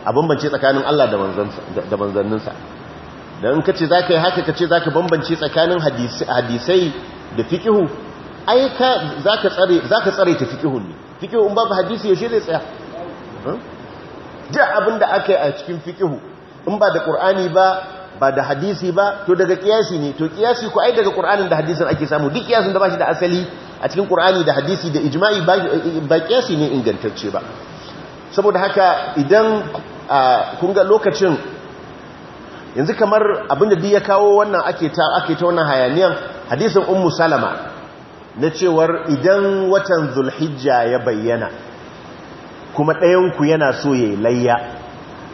a bambance tsakanin Allah da manzanninsa da in ka ce za ka yi haka ka ce za ka bambance tsakanin hadisai da fikihu ai za ka tsare ta fikihun ne fikihun babu hadisi yaushe zai tsaya duk abin da aka yi a cikin fiƙihu in ba da ƙur'ani ba ba da hadisi ba to daga ƙiyasi ne to ƙiyasi ku ai daga ƙur'anin da hadisin ake samu duk ƙiyasin da ba shi da asali a cikin ƙur'ani da hadisi da ijima'i ba ƙiyasi ne ingantacce ba saboda haka idan kun lokacin yanzu kamar abin da ya kawo wannan ake ta ake ta wannan hayaniyan hadisin ummu salama na cewar idan watan zulhijja ya bayyana kuma ɗayanku yana so ya yi layya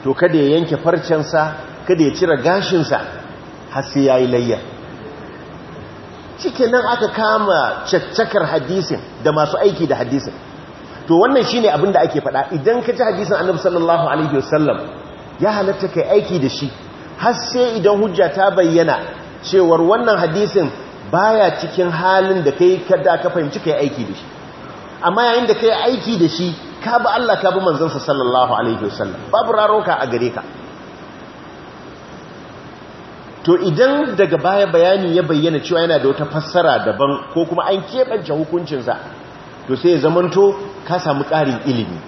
to kada ya yanke farcensa kada ya cire gashinsa har sai ya yi layya cike nan aka kama caccakar hadisin da masu aiki da hadisin to wannan shine abin da ake faɗa idan ka ji hadisin annabi sallallahu alaihi wasallam ya halatta kai aiki da shi har sai idan hujja ta bayyana cewar wannan hadisin baya cikin halin da kai kada ka fahimci kai aiki da shi amma yayin da kai aiki da shi ka bi Allah ka bi manzansa sallallahu alaihi wasallam babu raroka a gare ka to idan daga baya bayani ya bayyana cewa yana da wata fassara daban ko kuma an keɓance hukuncinsa to sai ya zamanto ka samu ƙarin ilimi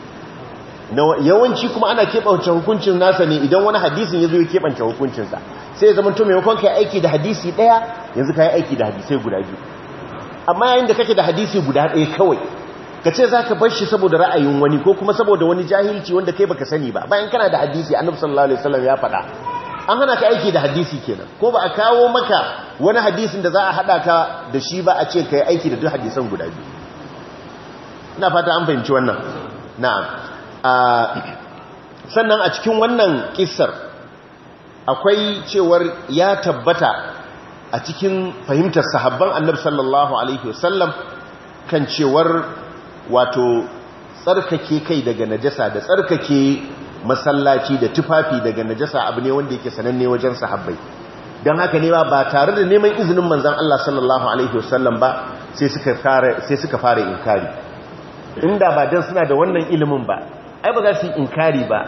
yawanci kuma ana keɓance hukuncin nasa ne idan wani hadisin ya zo ya keɓance hukuncinsa sai ya zamanto maimakon ka yi aiki da hadisi ɗaya yanzu ka aiki da hadisi guda biyu amma yayin da kake da hadisi guda ɗaya kawai ka ce za ka bar shi saboda ra'ayin wani ko kuma saboda wani jahilci wanda kai baka sani ba bayan kana da hadisi annabi sallallahu alaihi wasallam ya faɗa an hana ka aiki da hadisi kenan ko ba a kawo maka wani hadisin da za a hada ka da shi ba a ce kai aiki da duk hadisan guda biyu ina fata an fahimci wannan na'am sannan a cikin wannan kissar akwai cewar ya tabbata a cikin fahimtar sahabban annabi sallallahu alaihi wasallam kan cewar wato tsarkake kai daga najasa da tsarkake masallaci da tufafi daga najasa abu ne wanda yake sananne wajen sahabbai don haka ne ba tare da neman izinin manzan Allah sallallahu alaihi wasallam ba sai suka fara inkari inda ba don suna da wannan ilimin ba ai ba za su yi inkari ba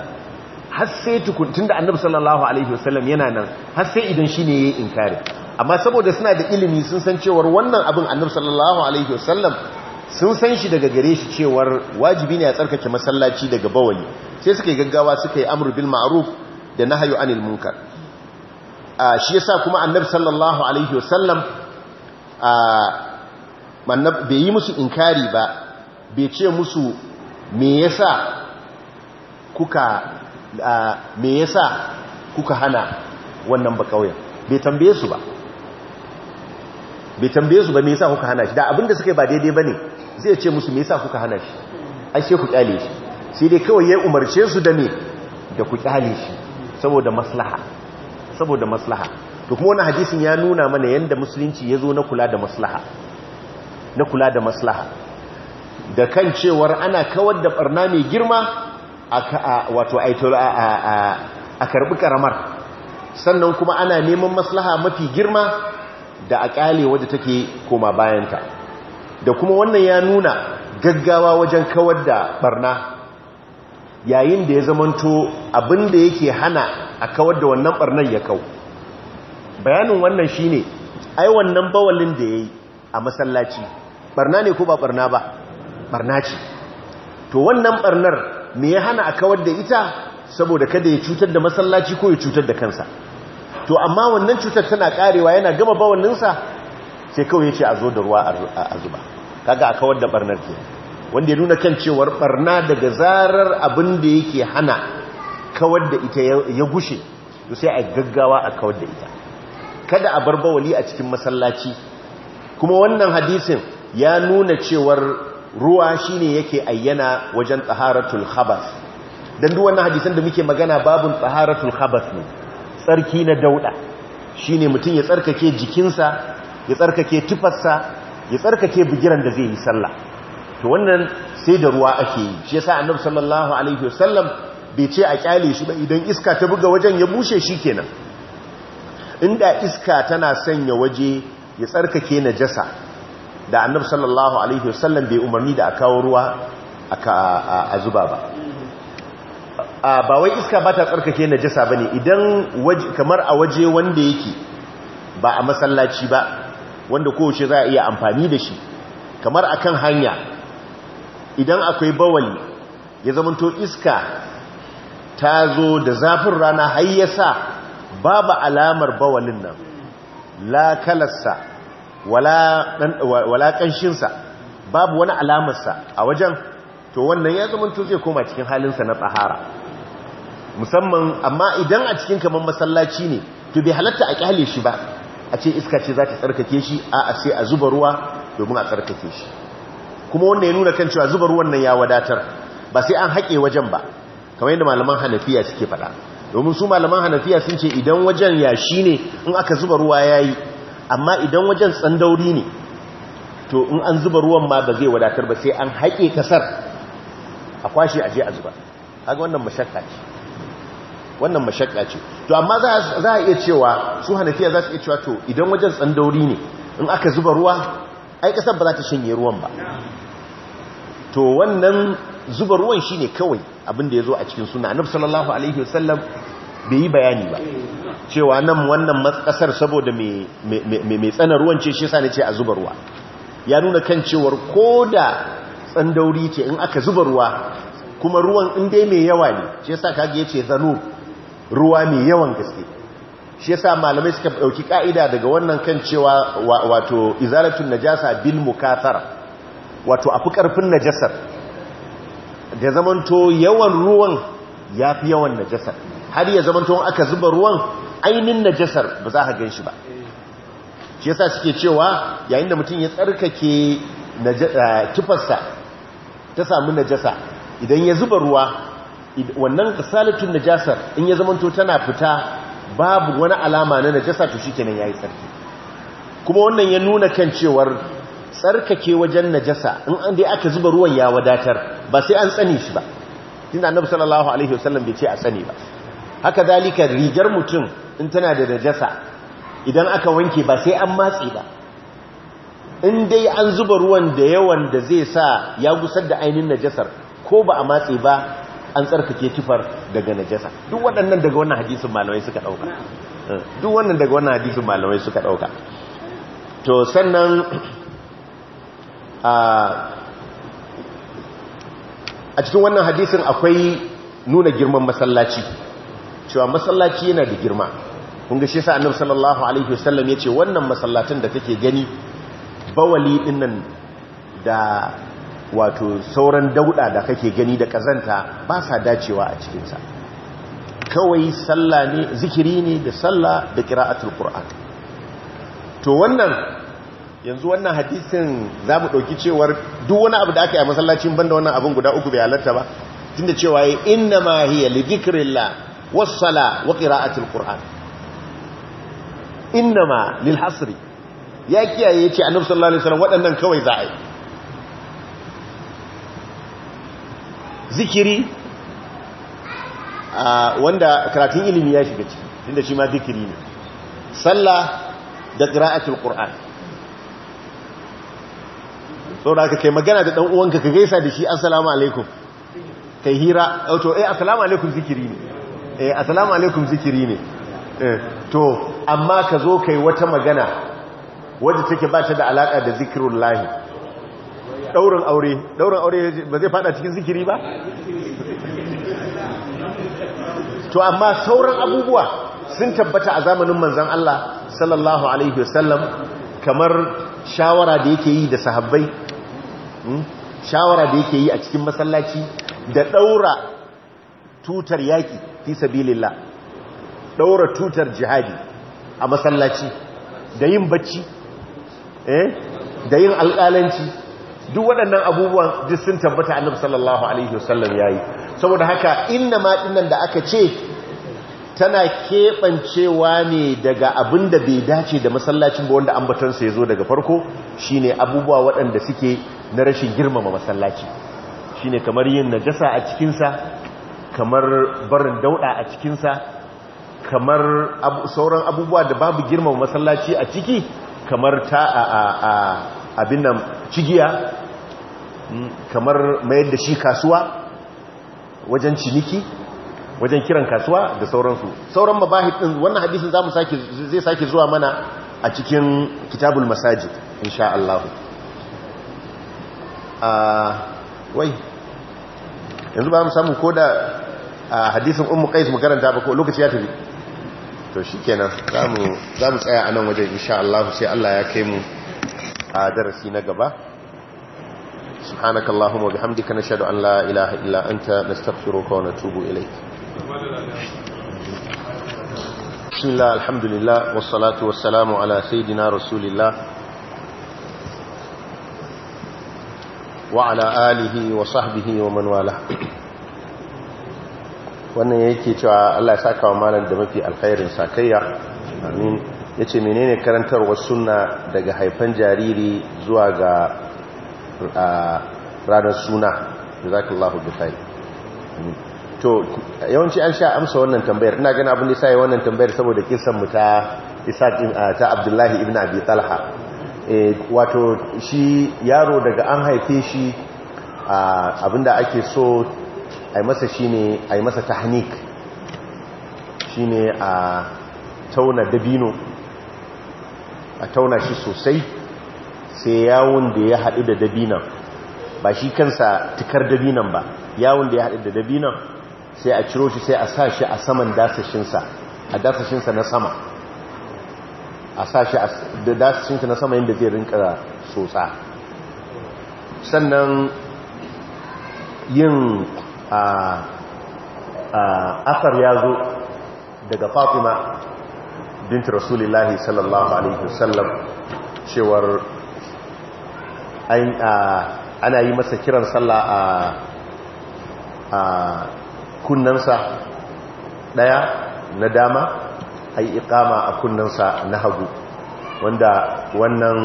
har sai tukuntun da annabi sallallahu alaihi wasallam yana nan har sai idan shi ne ya yi inkari amma saboda suna da ilimi sun san cewar wannan abin annabi sallallahu alaihi wasallam sun san shi daga gare shi cewar wajibi ne a tsarkake masallaci daga bawali sai suka yi gaggawa suka yi amru bil ma'ruf da nahyu anil munkar a shi yasa kuma annabi sallallahu alaihi wasallam a bai yi musu inkari ba bai ce musu me yasa kuka me yasa kuka hana wannan ba kauyen bai tambaye su ba bai tambaye su ba me yasa kuka hana shi da abinda suka yi ba daidai bane Zai ce musu me sa kuka hana shi ai sai ku kyale shi sai dai kawai ya umarce su da me da ku kyale shi saboda maslaha saboda maslaha to kuma wannan hadisin ya nuna mana yanda musulunci ya zo na kula da maslaha na kula da maslaha da kan cewar ana kawar da barna mai girma wato a karbi karamar sannan kuma ana neman maslaha mafi girma da a kyale wadda take koma bayanta da kuma wannan ya nuna gaggawa wajen kawar da barna yayin da ya zamanto abin da yake hana a kawar da wannan barnar ya kau bayanin wannan shine ai wannan bawalin da yayi a masallaci barna ne ko ba barna ba barna ce to wannan barnar me ya hana a kawar da ita saboda kada ya cutar da masallaci ko ya cutar da kansa to amma wannan cutar tana karewa yana gama bawalinsa sai kawai ya ce a zo da ruwa a zuba kaga a kawar da barnar ke wanda ya nuna kan cewar barna daga zarar abin da yake hana kawar da ita ya gushe to sai a gaggawa a kawar da ita kada a bar bawali a cikin masallaci kuma wannan hadisin ya nuna cewar ruwa shi ne yake ayyana wajen taharatul khabas don duk wannan hadisan da muke magana babun taharatul khabas ne tsarki na dauda ne mutum ya tsarkake jikinsa ya tsarkake tufarsa ya tsarkake bigiran da zai yi sallah to wannan sai da ruwa ake yi shi yasa annabi sallallahu alaihi wasallam bai ce a kyale shi ba idan iska ta buga wajen ya bushe shi kenan inda iska tana sanya waje ya tsarkake najasa da annabi sallallahu alaihi wasallam bai umarni da a kawo ruwa a zuba ba ba wai iska ba ta tsarkake najasa bane idan kamar a waje wanda yake ba a masallaci ba wanda kowace za a iya amfani da shi kamar akan hanya idan akwai bawali ya zamanto iska ta zo da zafin rana har ya sa babu alamar bawalin nan la kalarsa wala ƙanshinsa babu wani alamarsa a wajen to wannan ya zamanto zai koma cikin halinsa na tsahara musamman amma idan a cikin kamar masallaci ne to bai halatta a kyale shi ba a ce iska ce za ta tsarkake shi a sai a zuba ruwa domin a tsarkake shi kuma wannan ya nuna kan cewa zuba ruwan nan ya wadatar ba sai an haƙe wajen ba kamar yadda malaman hanafiya suke faɗa domin su malaman hanafiya sun ce idan wajen ya shi ne in aka zuba ruwa ya yi amma idan wajen tsandauri ne to in an zuba ruwan ma ba zai wadatar ba sai an haƙe kasar a kwashe aje a zuba kaga wannan mashakka ce wannan mashakka ce to amma za a iya cewa su hanafiya za su iya cewa to idan wajen tsandauri ne in aka zuba ruwa ai kasar ba za ta shanye ruwan ba to wannan zuba ruwan shi ne kawai abin da ya zo a cikin suna annabi sallallahu alaihi wasallam bai yi bayani ba cewa nan wannan matsasar saboda mai tsana ruwan ce shi sa ce a zuba ruwa ya nuna kan cewar ko da tsandauri ce in aka zuba ruwa kuma ruwan in dai mai yawa ne shi sa kage yace ce zanur ruwa mai yawan gaske shi yasa malamai suka dauki ka'ida daga wannan kan cewa wato izalatun najasa bil mukathara wato afi karfin najasar da zamanto yawan ruwan yafi yawan najasar har ya zamanto aka zuba ruwan ainin najasar ba za ka ganshi ba shi yasa suke cewa yayin da mutum ya tsarkake eh, tufarsa ta samu najasa idan ya zuba ruwa wannan kasalatun najasar in ya zamanto tana fita babu wani alama na najasa to shikenan yayi tsarki kuma wannan ya nuna kan cewar tsarkake wajen najasa in an dai aka zuba ruwan ya wadatar ba sai an tsane shi ba tunda annabi sallallahu alaihi wasallam bai ce a tsane ba haka dalika rigar mutum in tana da najasa idan aka wanke ba sai an matsi ba in dai an zuba ruwan da yawan da zai sa ya gusar da ainihin najasar ko ba a matsi ba an tsarkake tufar daga najasa duk waɗannan daga wannan hadisin malamai suka ɗauka duk wannan daga wannan hadisin malamai suka ɗauka to sannan a cikin wannan hadisin akwai nuna girman masallaci cewa masallaci yana da girma kunga shi sa annabi sallallahu alaihi wasallam yace wannan masallacin da take gani bawali dinnan da wato sauran dauda da kake gani da kazanta ba sa dacewa a cikinsa kawai sallah ne zikiri ne da sallah da kira'atul qur'an to wannan yanzu wannan hadisin zamu mu ɗauki cewar duk wani abu da aka yi a masallacin banda wannan abin guda uku bai halarta ba tunda cewa yi inna ma hiya li dhikrillah was sala wa qira'atul qur'an inna ma lil hasri ya kiyaye ce annabi sallallahu alaihi waɗannan kawai za a yi zikiri wanda karatun ilimi ya shiga ciki tunda shi ma zikiri ne sallah da qira'atul qur'an saboda ka kai magana da dan uwanka ka gaisa da shi assalamu alaikum kai hira to eh assalamu alaikum zikiri ne eh assalamu alaikum zikiri ne eh, to amma ka zo kai wata magana wadda take ba ta da alaka da zikirullahi daurin aure daurin aure ba zai fada cikin zikiri ba to amma sauran abubuwa sun tabbata a zamanin manzan Allah sallallahu alaihi wasallam kamar shawara da yake yi da sahabbai hmm? shawara da yake yi a cikin masallaci da ɗaura tutar yaƙi fi sabilillah ɗaura tutar jihadi a masallaci da yin bacci eh da yin alƙalanci duk waɗannan abubuwan duk sun tabbata annabi sallallahu alaihi wasallam yayi saboda haka inna ma dinnan da aka ce tana keɓancewa ne daga abin da bai dace da masallacin ba wanda ambatansa ya zo daga farko shine abubuwa waɗanda suke na rashin girmama masallaci shine kamar yin najasa a cikinsa kamar barin dauɗa a cikinsa kamar sauran abubuwa da babu girmama masallaci a ciki kamar ta a abin nan cigiya kamar mayar da shi kasuwa wajen ciniki wajen kiran kasuwa da sauransu sauran mabahi ɗin wannan hadisin za mu zai sake zuwa mana a cikin kitabul masaji insha Allah ah, wai yanzu ba mu samu ko da hadisin ummu qais mu karanta ba ko lokaci ya tafi to shikenan za mu tsaya anan wajen insha Allah sai Allah ya kai mu a darasi na gaba سبحانك اللهم وبحمدك نشهد أن لا إله إلا أنت نستغفرك ونتوب إليك بسم الله الحمد لله والصلاة والسلام على سيدنا رسول الله وعلى آله وصحبه ومن والاه wannan yake cewa Allah ya saka wa malam da mafi alkhairin sakayya amin yace menene karantarwar sunna daga haifan jariri zuwa ga ranar suna jazakallahu bi to yawanci an sha amsa wannan tambayar ina gani abin da sai wannan tambayar saboda kisan mu ta Isaac ta Abdullahi ibn Abi Talha eh, wato shi yaro daga an haife shi abinda ake so ai masa shine ai masa tahnik shine a tauna dabino a tauna shi sosai sai yawon da ya haɗu da dabinan ba shi kansa tukar dabinan ba yawon da ya haɗu da dabinan sai a ciro shi sai a sa shi a saman dasashinsa a dasashinsa na sama a sa shi a dasashinsa na sama yadda zai rinka tsotsa sannan yin asar ya zo daga fatima binti rasulullahi sallallahu alaihi wasallam cewar ana yi masa kiran sallah a kunnansa daya na dama a yi ikama a kunnansa na hagu wanda wannan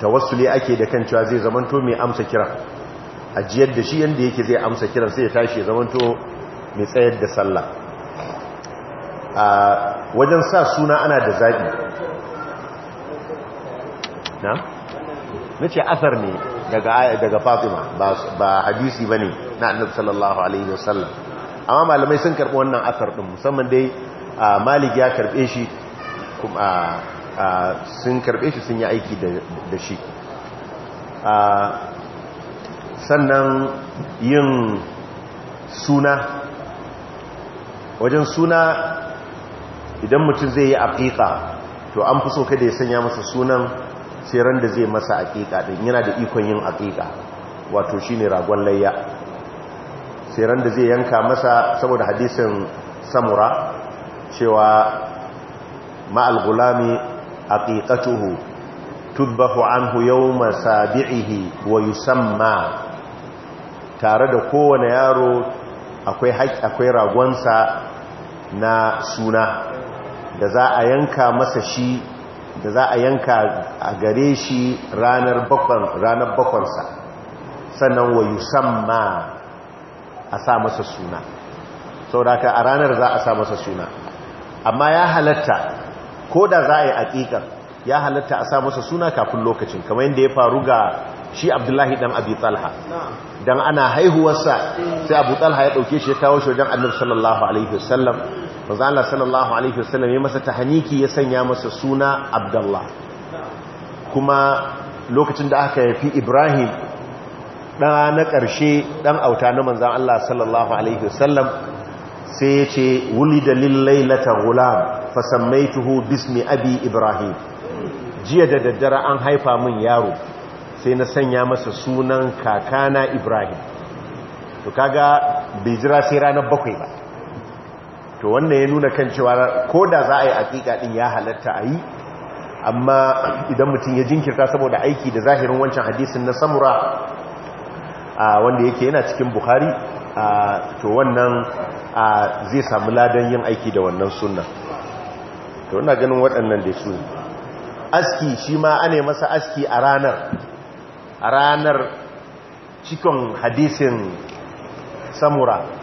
tawassuli ake da kan cewa zai zamanto mai amsa kiran ajiyar da shi yadda yake zai amsa kiran sai ya tashi ya zamanto mai tsayar da sallah a wajen sa suna ana da zaɓi na nace asar ne daga daga Fatima ba hadisi bane na Annabi sallallahu alaihi wasallam amma malamai sun karbi wannan asar din musamman dai Malik ya karbe shi kuma sun karbe shi sun yi aiki da shi sannan yin suna wajen suna idan mutum zai yi aƙiƙa to an fi so kada ya sanya masa sunan sai ran da zai masa aƙiƙa din yana da ikon yin aƙiƙa wato shi ne ragon layya sai ran da zai yanka masa saboda hadisin samura cewa ma'al gulami aqiqatuhu an anhu masa bi'ihi wa yusamma tare da kowane yaro akwai akwai ragonsa na suna da za a yanka masa shi da za a yanka a gare shi ranar bakwansa sannan wa yusamma a sa masa suna sauraka a ranar za a sa masa suna amma ya halatta ko da za a yi ya halatta a sa masa suna kafin lokacin kamar yadda ya faru ga shi abdullahi dan abi talha dan ana haihuwarsa sai abu talha ya dauke shi ya kawo shi wajen annabi sallallahu alaihi wasallam maza Allah sallallahu alaihi wasallam ya masa tahaniki ya sanya masa suna Abdullah kuma lokacin da aka yafi Ibrahim ɗan na ƙarshe ɗan auta na manzan Allah sallallahu alaihi wasallam sai ya ce wuli da lillailata gulam tuho bismi abi Ibrahim jiya da daddare an haifa min yaro sai na sanya masa sunan kakana Ibrahim to kaga bai jira sai ranar bakwai ba to wannan ya nuna kan cewa ko da za a yi aƙiƙa ɗin ya halatta a yi amma idan mutum ya jinkirta saboda aiki da zahirin wancan hadisin na samura wanda yake yana cikin buhari to wannan zai samu ladan yin aiki da wannan sunna to ina ganin waɗannan da su aski shi ma ane masa aski a ranar a ranar cikon hadisin samura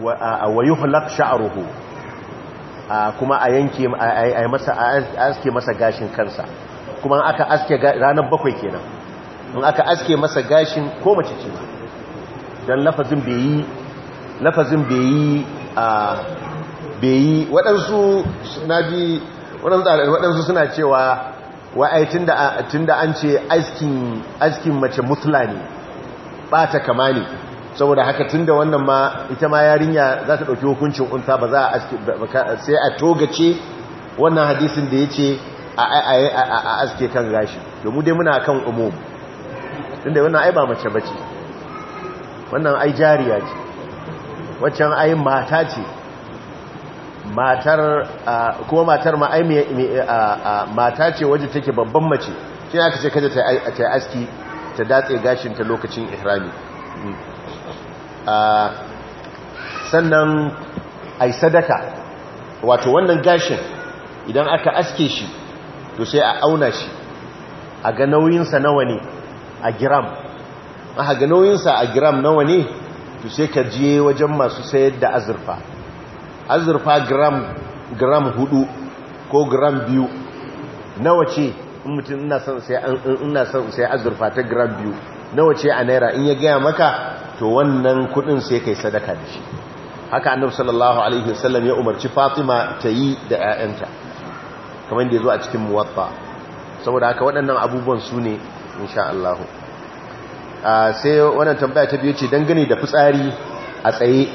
wa yuhlaq sha'ruhu kuma a yanke a masa aske masa gashin kansa kuma aka aske ranar bakwai kenan in aka aske masa gashin ko mace ce dan lafazin bai yi lafazin bai yi a bai yi waɗansu wadansu bi wadansu suna cewa ai tun da an ce askin mace mutla ne ta kama saboda haka tun da wannan ma ita ma yarinya za ta ɗauki hukuncin unta ba za a sai a togace wannan hadisin da ya ce a aske kan gashi domin dai muna kan umum tun da wannan ai ba mace bace wannan ai jariya ce waccan ai mata ce matar kuma matar ma ai mata ce waje take babban mace shi aka ce kada ta aski ta datse gashinta lokacin ihrami hmm. sannan ai sadaka wato wannan gashin idan aka aske shi to sai a auna shi a ga nauyinsa nawa ne a giram? aka ga nauyinsa a gram nawa ne to sai ka je wajen masu sayar da azurfa azurfa gram giram hudu ko giram biyu nawa ce in mutum ina son sai azurfa ta giram biyu nawa ce a naira in ya gaya maka to wannan kudin sai kai sadaka da shi haka annabi sallallahu alaihi wasallam ya umarci Fatima ta yi da ƴaƴanta kamar da yazo a cikin muwatta saboda haka waɗannan abubuwan su ne insha Allah sai wannan tambaya ta biyu ce dangane da fitsari a tsaye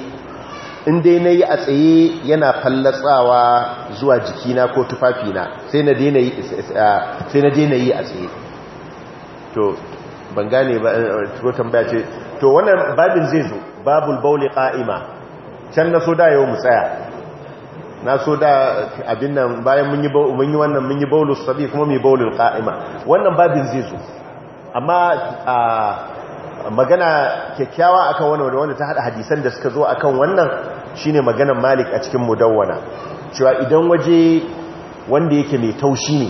in dai nayi a tsaye yana fallatsawa zuwa jikina ko tufafina sai na daina yi a tsaye to ban gane ba eh, ko tambaya ce to wannan babin zai zo babul bauli qa'ima can na so da yau mu tsaya na so da abin nan bayan mun yi mun yi wannan mun yi baulus sabi kuma yi baulul qa'ima wannan babin zai zo amma a magana kyakkyawa akan wannan wanda ta hada hadisan da suka zo akan wannan shine maganar Malik a cikin mudawwana cewa idan waje wanda yake mai taushi ne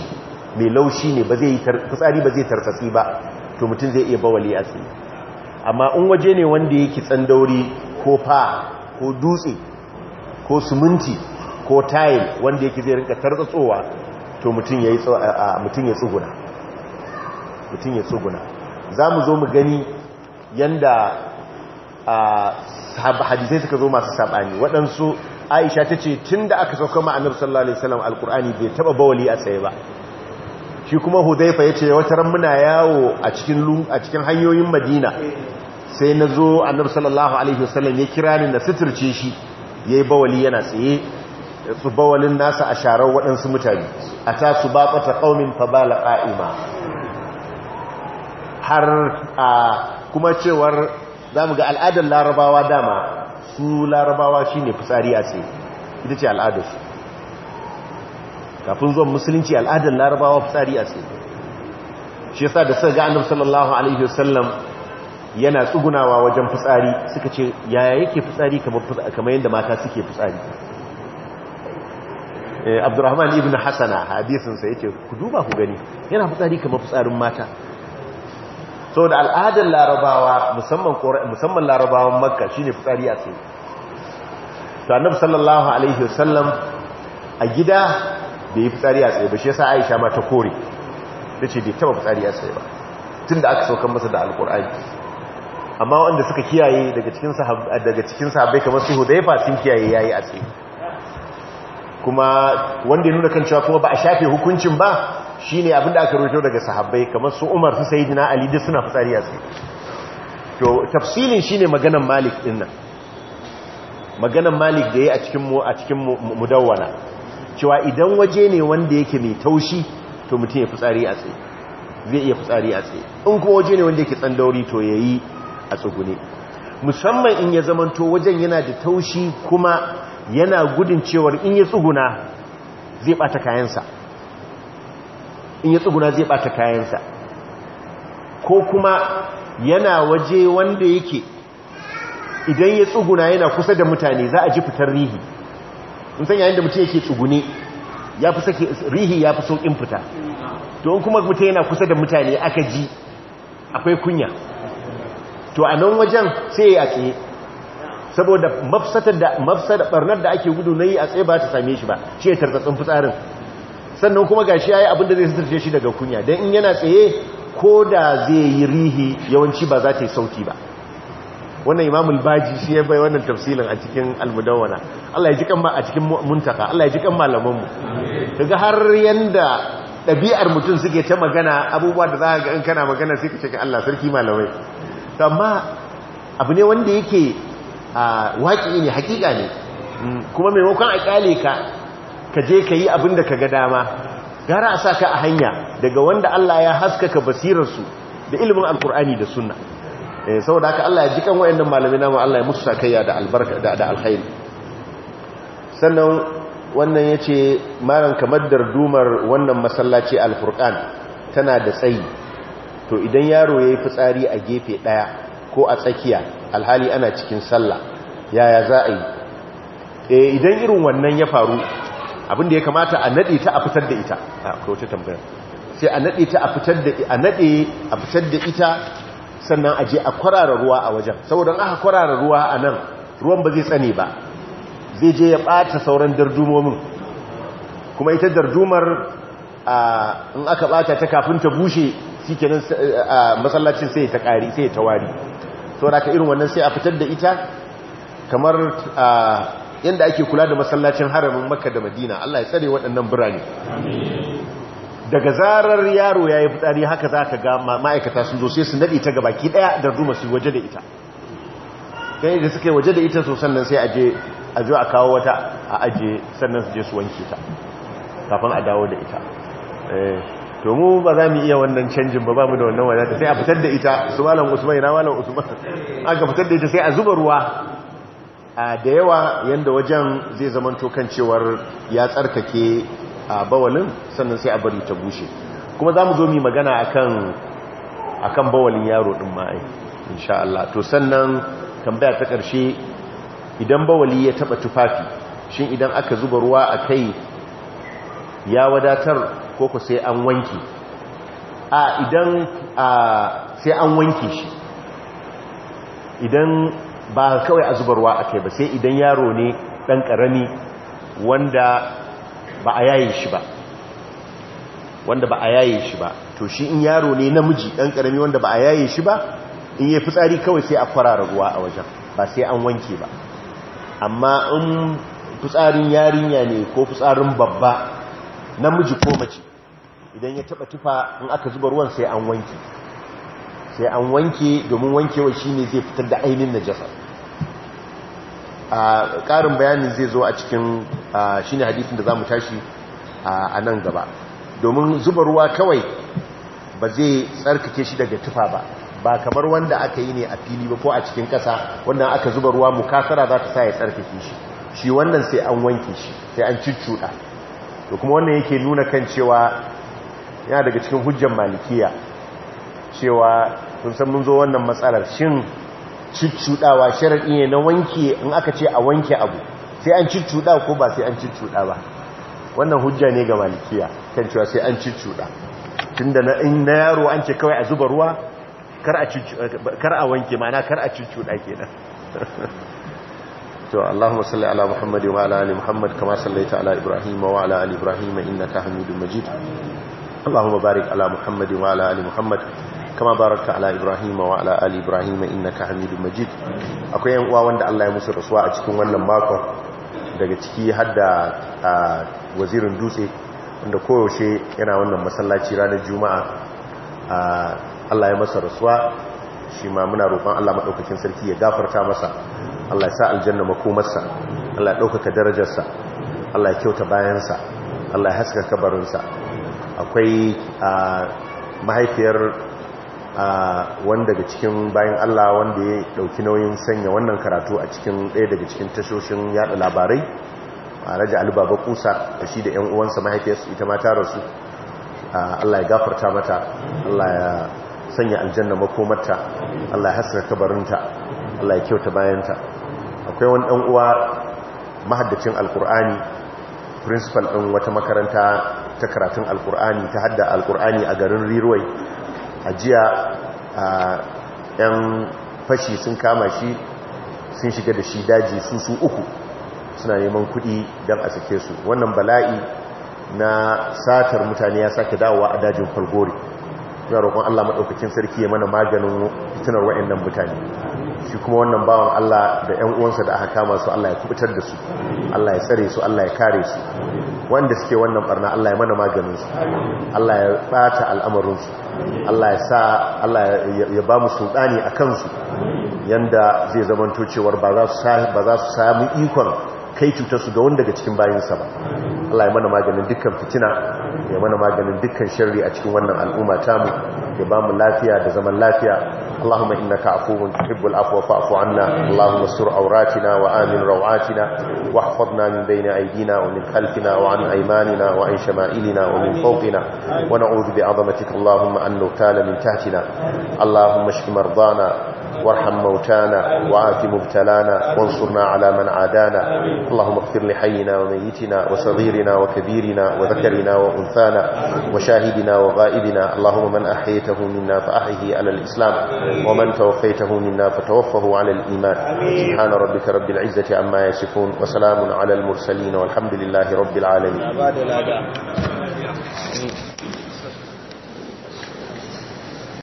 mai laushi ne ba zai fitsari ba zai tarfasi ba to mutum zai iya bawali a tsaye amma in waje ne wanda yake tsandauri ko fa ko dutse ko suminti ko tayil wanda yake zai rinka tartsatsowa to mutum ya tsuguna mutum ya tsuguna za mu zo mu gani yanda hadisai suka zo masu saɓani waɗansu aisha ta ce tun da aka sauka ma'anar sallallahu alaihi wasallam Alƙur'ani bai taɓa bawali a tsaye ba shi kuma hudaifa ya ce wata muna yawo a cikin hanyoyin madina sai na zo annabi sallallahu alaihi wasallam ya kira ni na suturce shi ya yi bawali yana tsaye su bawalin nasa a sharar waɗansu mutane a ta su ba ƙwata ƙaumin fabala ƙa'ima har a kuma cewar za mu ga al'adar larabawa dama su larabawa shi ne fitsari a tsaye ita ce al'adarsu kafin zuwan musulunci al'adar larabawa fitsari a tsaye shi yasa da suka ga annabi sallallahu alaihi wasallam yana tsugunawa wajen fitsari suka ce yaya yake fitsari kamar yadda mata suke fitsari eh, abdurrahman ibn hasana hadisin sa ce ku duba ku gani yana fitsari kamar fitsarin mata sau da al'adar larabawa musamman larabawan makka shine fitsari a tsaye to annabi sallallahu alaihi wasallam a gida da yi fitsari a tsaye ba shi ya sa aisha ma ta kore ta ce da taba fitsari a tsaye ba tun da aka saukan masa da alkur'ani amma wanda suka kiyaye daga cikin sahabai kamar su hudaifa sun kiyaye yayi a tsaye kuma wanda ya nuna kan cewa kuma ba a shafe hukuncin ba shine abin da aka rubuto daga sahabai kamar su Umar su Sayyidina Ali duk suna fitsari a tsaye to tafsilin shine maganan Malik dinnan nan maganan Malik da yayi a a cikin mudawwana cewa idan waje ne wanda yake mai taushi to mutum ya fitsari a tsaye zai iya fitsari a tsaye in kuma waje ne wanda yake tsandauri to ya yi a tsugune musamman in ya zamanto wajen yana da taushi kuma yana gudun cewar in ya tsuguna zai bata kayansa in ya tsuguna zai bata kayansa ko kuma yana waje wanda yake idan ya tsuguna yana kusa da mutane za a ji fitar rihi in san yayin da mutum yake tsuguni, ya fi sake rihi ya fi saukin fita to in kuma mutum yana kusa da mutane aka ji akwai kunya to a nan wajen sai ya tsaye saboda mafsatar da mafsada barnar da ake gudu nayi a tsaye ba ta same shi ba shi ya tartatsun fitsarin sannan kuma gashi yayi abin da zai sitirce shi daga kunya Don in yana tsaye ko da zai yi rihi yawanci ba za ta yi sauki ba wannan imamul baji shi ya bai wannan tafsilin a cikin almudawwana Allah ya ji kan ba a cikin muntaka Allah ya ji kan malamanmu daga har yanda ɗabi'ar mutum suke ta magana abubuwa da za ga in kana magana sai ka cikin Allah sarki malamai amma abu ne wanda yake waƙi ne hakika ne mm, kuma maimakon a ka ka je ka yi abin da ka ga dama gara a sa ka a hanya daga wanda Allah ya haskaka basirarsu da ilimin alkur'ani da sunna Eh, saboda haka Allah ya ji kan wayannan malamai namu Allah ya musu sakayya da albarka da da alkhairi sannan wannan yace maran kamar dumar wannan masallaci alfurqan tana da tsayi to idan yaro yayi fitsari a gefe daya ko a tsakiya alhali ana cikin sallah yaya za a yi eh idan irin wannan ya faru abin da ya kamata a nade ta a fitar da ita a ko ta tambaya sai a nade ta a fitar da a nade a fitar da ita sannan a je a kwarara ruwa a wajen saboda aka kwarara ruwa a nan ruwan ba zai tsane ba zai je ya ɓata sauran dardumomin kuma ita dardumar in aka ɓata ta kafin ta bushe shi kenan masallacin sai ta kari sai ta wari saboda ka irin wannan sai a fitar da ita kamar yadda ake kula da masallacin haramin makka da madina allah ya tsare waɗannan birane daga zarar yaro ya yi fitsari haka za ka ga ma'aikata sun zo sai su naɗe ta gabaki ɗaya da ruma su waje da ita gani da suka yi waje da ita so sannan sai a zo a kawo wata a aje sannan su je su wanke ta kafin a dawo da ita eh, to mu ba za mu iya wannan canjin ba ba mu da wannan wadata sai a fitar da ita su malam usman ina malam usman aka fitar da ita sai a zuba ruwa da yawa yanda wajen zai zamanto kan cewar ya tsarkake a bawalin sannan sai a bari ta bushe kuma za mu zo mi magana a kan bawalin yaro ɗin ma'ai insha Allah to sannan tambaya ta ƙarshe idan bawali ya taɓa tufafi shi idan aka zuba ruwa a kai ya wadatar koko sai an wanki a idan sai an wanki shi idan ba kawai a zuba ruwa a kai ba sai idan yaro ne ɗan ƙarami wanda ba a yaye shi ba wanda ba a yaye shi ba to shi in yaro ne namiji dan karami wanda ba a yaye shi ba in yi fitsari kawai sai a kwarara ruwa a wajen ba sai an wanke ba amma in fitsarin yarinya ne ko fitsarin babba namiji ko mace idan ya taba tufa in aka zuba ruwan sai an wanke sai an wanke domin wankewa shine zai fitar da ainihin najasa ƙarin bayanin zai zo a cikin shi ne hadisin da za mu tashi a nan gaba domin zuba ruwa kawai ba zai tsarkake shi daga tufa ba ba kamar wanda aka yi ne a fili ba ko a cikin ƙasa wanda aka zuba ruwa mukasara za ta sa ya tsarkake shi shi wannan sai an wanke shi sai an cuccuɗa to kuma wannan yake nuna kan cewa yana daga cikin hujjan malikiya cewa sun san mun zo wannan matsalar shin cuccuɗawa sharaɗi ne na wanke in aka ce a wanke abu sai an cuccuɗa ko ba sai an cuccuɗa ba wannan hujja ne ga malikiya kan cewa sai an cuccuɗa tun da na yaro an ce kawai a zuba ruwa kar a wanke mana kar a cuccuɗa kenan to Allahumma salli ala Muhammad wa ala ali Muhammad kama sallaita ala Ibrahim wa ala ali Ibrahim innaka Hamidum Majid Allahumma barik ala Muhammad wa ala ali Muhammad kama baraka ala ibrahim wa ala ali ibrahim innaka hamidum majid akwai yan uwa wanda Allah ya musu rasuwa a cikin wannan makon daga ciki hadda a wazirin dutse wanda koyaushe yana wannan masallaci ranar juma'a Allah ya masa rasuwa shi ma muna roƙon Allah madaukakin sarki ya gafarta masa Allah ya sa aljanna makomarsa Allah ya ɗaukaka darajarsa Allah ya kyauta bayansa Allah ya haska kabarinsa akwai mahaifiyar wani daga cikin bayan Allah wanda ya ɗauki nauyin sanya wannan karatu a cikin ɗaya daga cikin tashoshin yaɗa labarai a raja alibaba kusa da shi da 'yan uwansa mahaifiyarsu ita mata rasu Allah ya gafarta mata Allah ya sanya aljanna makomarta Allah ya hasra kabarinta Allah ya kyauta bayanta akwai wani ɗan uwa mahaddacin alkur'ani principal ɗin wata makaranta ta karatun alkur'ani ta hadda alkur'ani a garin riruwai a jiya a ɗan fashi sun kama shi sun shiga da shi daji su su uku suna neman kudi don a sake su wannan bala'i na satar mutane ya sake dawowa a dajin falgori suna roƙon Allah maɗaukacin sarki ya mana maganin fitinar wa'annan mutane shi kuma wannan bawan Allah da ‘yan uwansa da aka kama su Allah ya kubutar da su Allah ya tsare su Allah ya kare su wanda suke wannan barna Allah ya mana maganin su Allah ya bata al'amarinsu Allah ya sa Allah ya ba mu sultani a kansu yanda zai zamanto cewar ba za su sami samu ikon kai cutar su ga wanda daga cikin bayinsa ba Allah ya mana maganin dukkan fitina ya mana maganin dukkan sharri a cikin wannan al'umma tamu ya ba mu lafiya da zaman lafiya اللهم إنك عفو تحب العفو فاعف عنا اللهم استر عوراتنا وآمن روعاتنا واحفظنا من بين أيدينا ومن خلفنا وعن أيماننا وعن شمائلنا ومن فوقنا ونعوذ بعظمتك اللهم أن نغتال من تحتنا اللهم اشف مرضانا وارحم موتانا وآت مبتلانا وانصرنا على من عادانا اللهم اغفر لحينا وميتنا وصغيرنا وكبيرنا وذكرنا وأنثانا وشاهدنا وغائبنا اللهم من أحيته منا فأحيه على الإسلام ومن توفيته منا فتوفه على الإيمان سبحان ربك رب العزة عما يصفون وسلام على المرسلين والحمد لله رب العالمين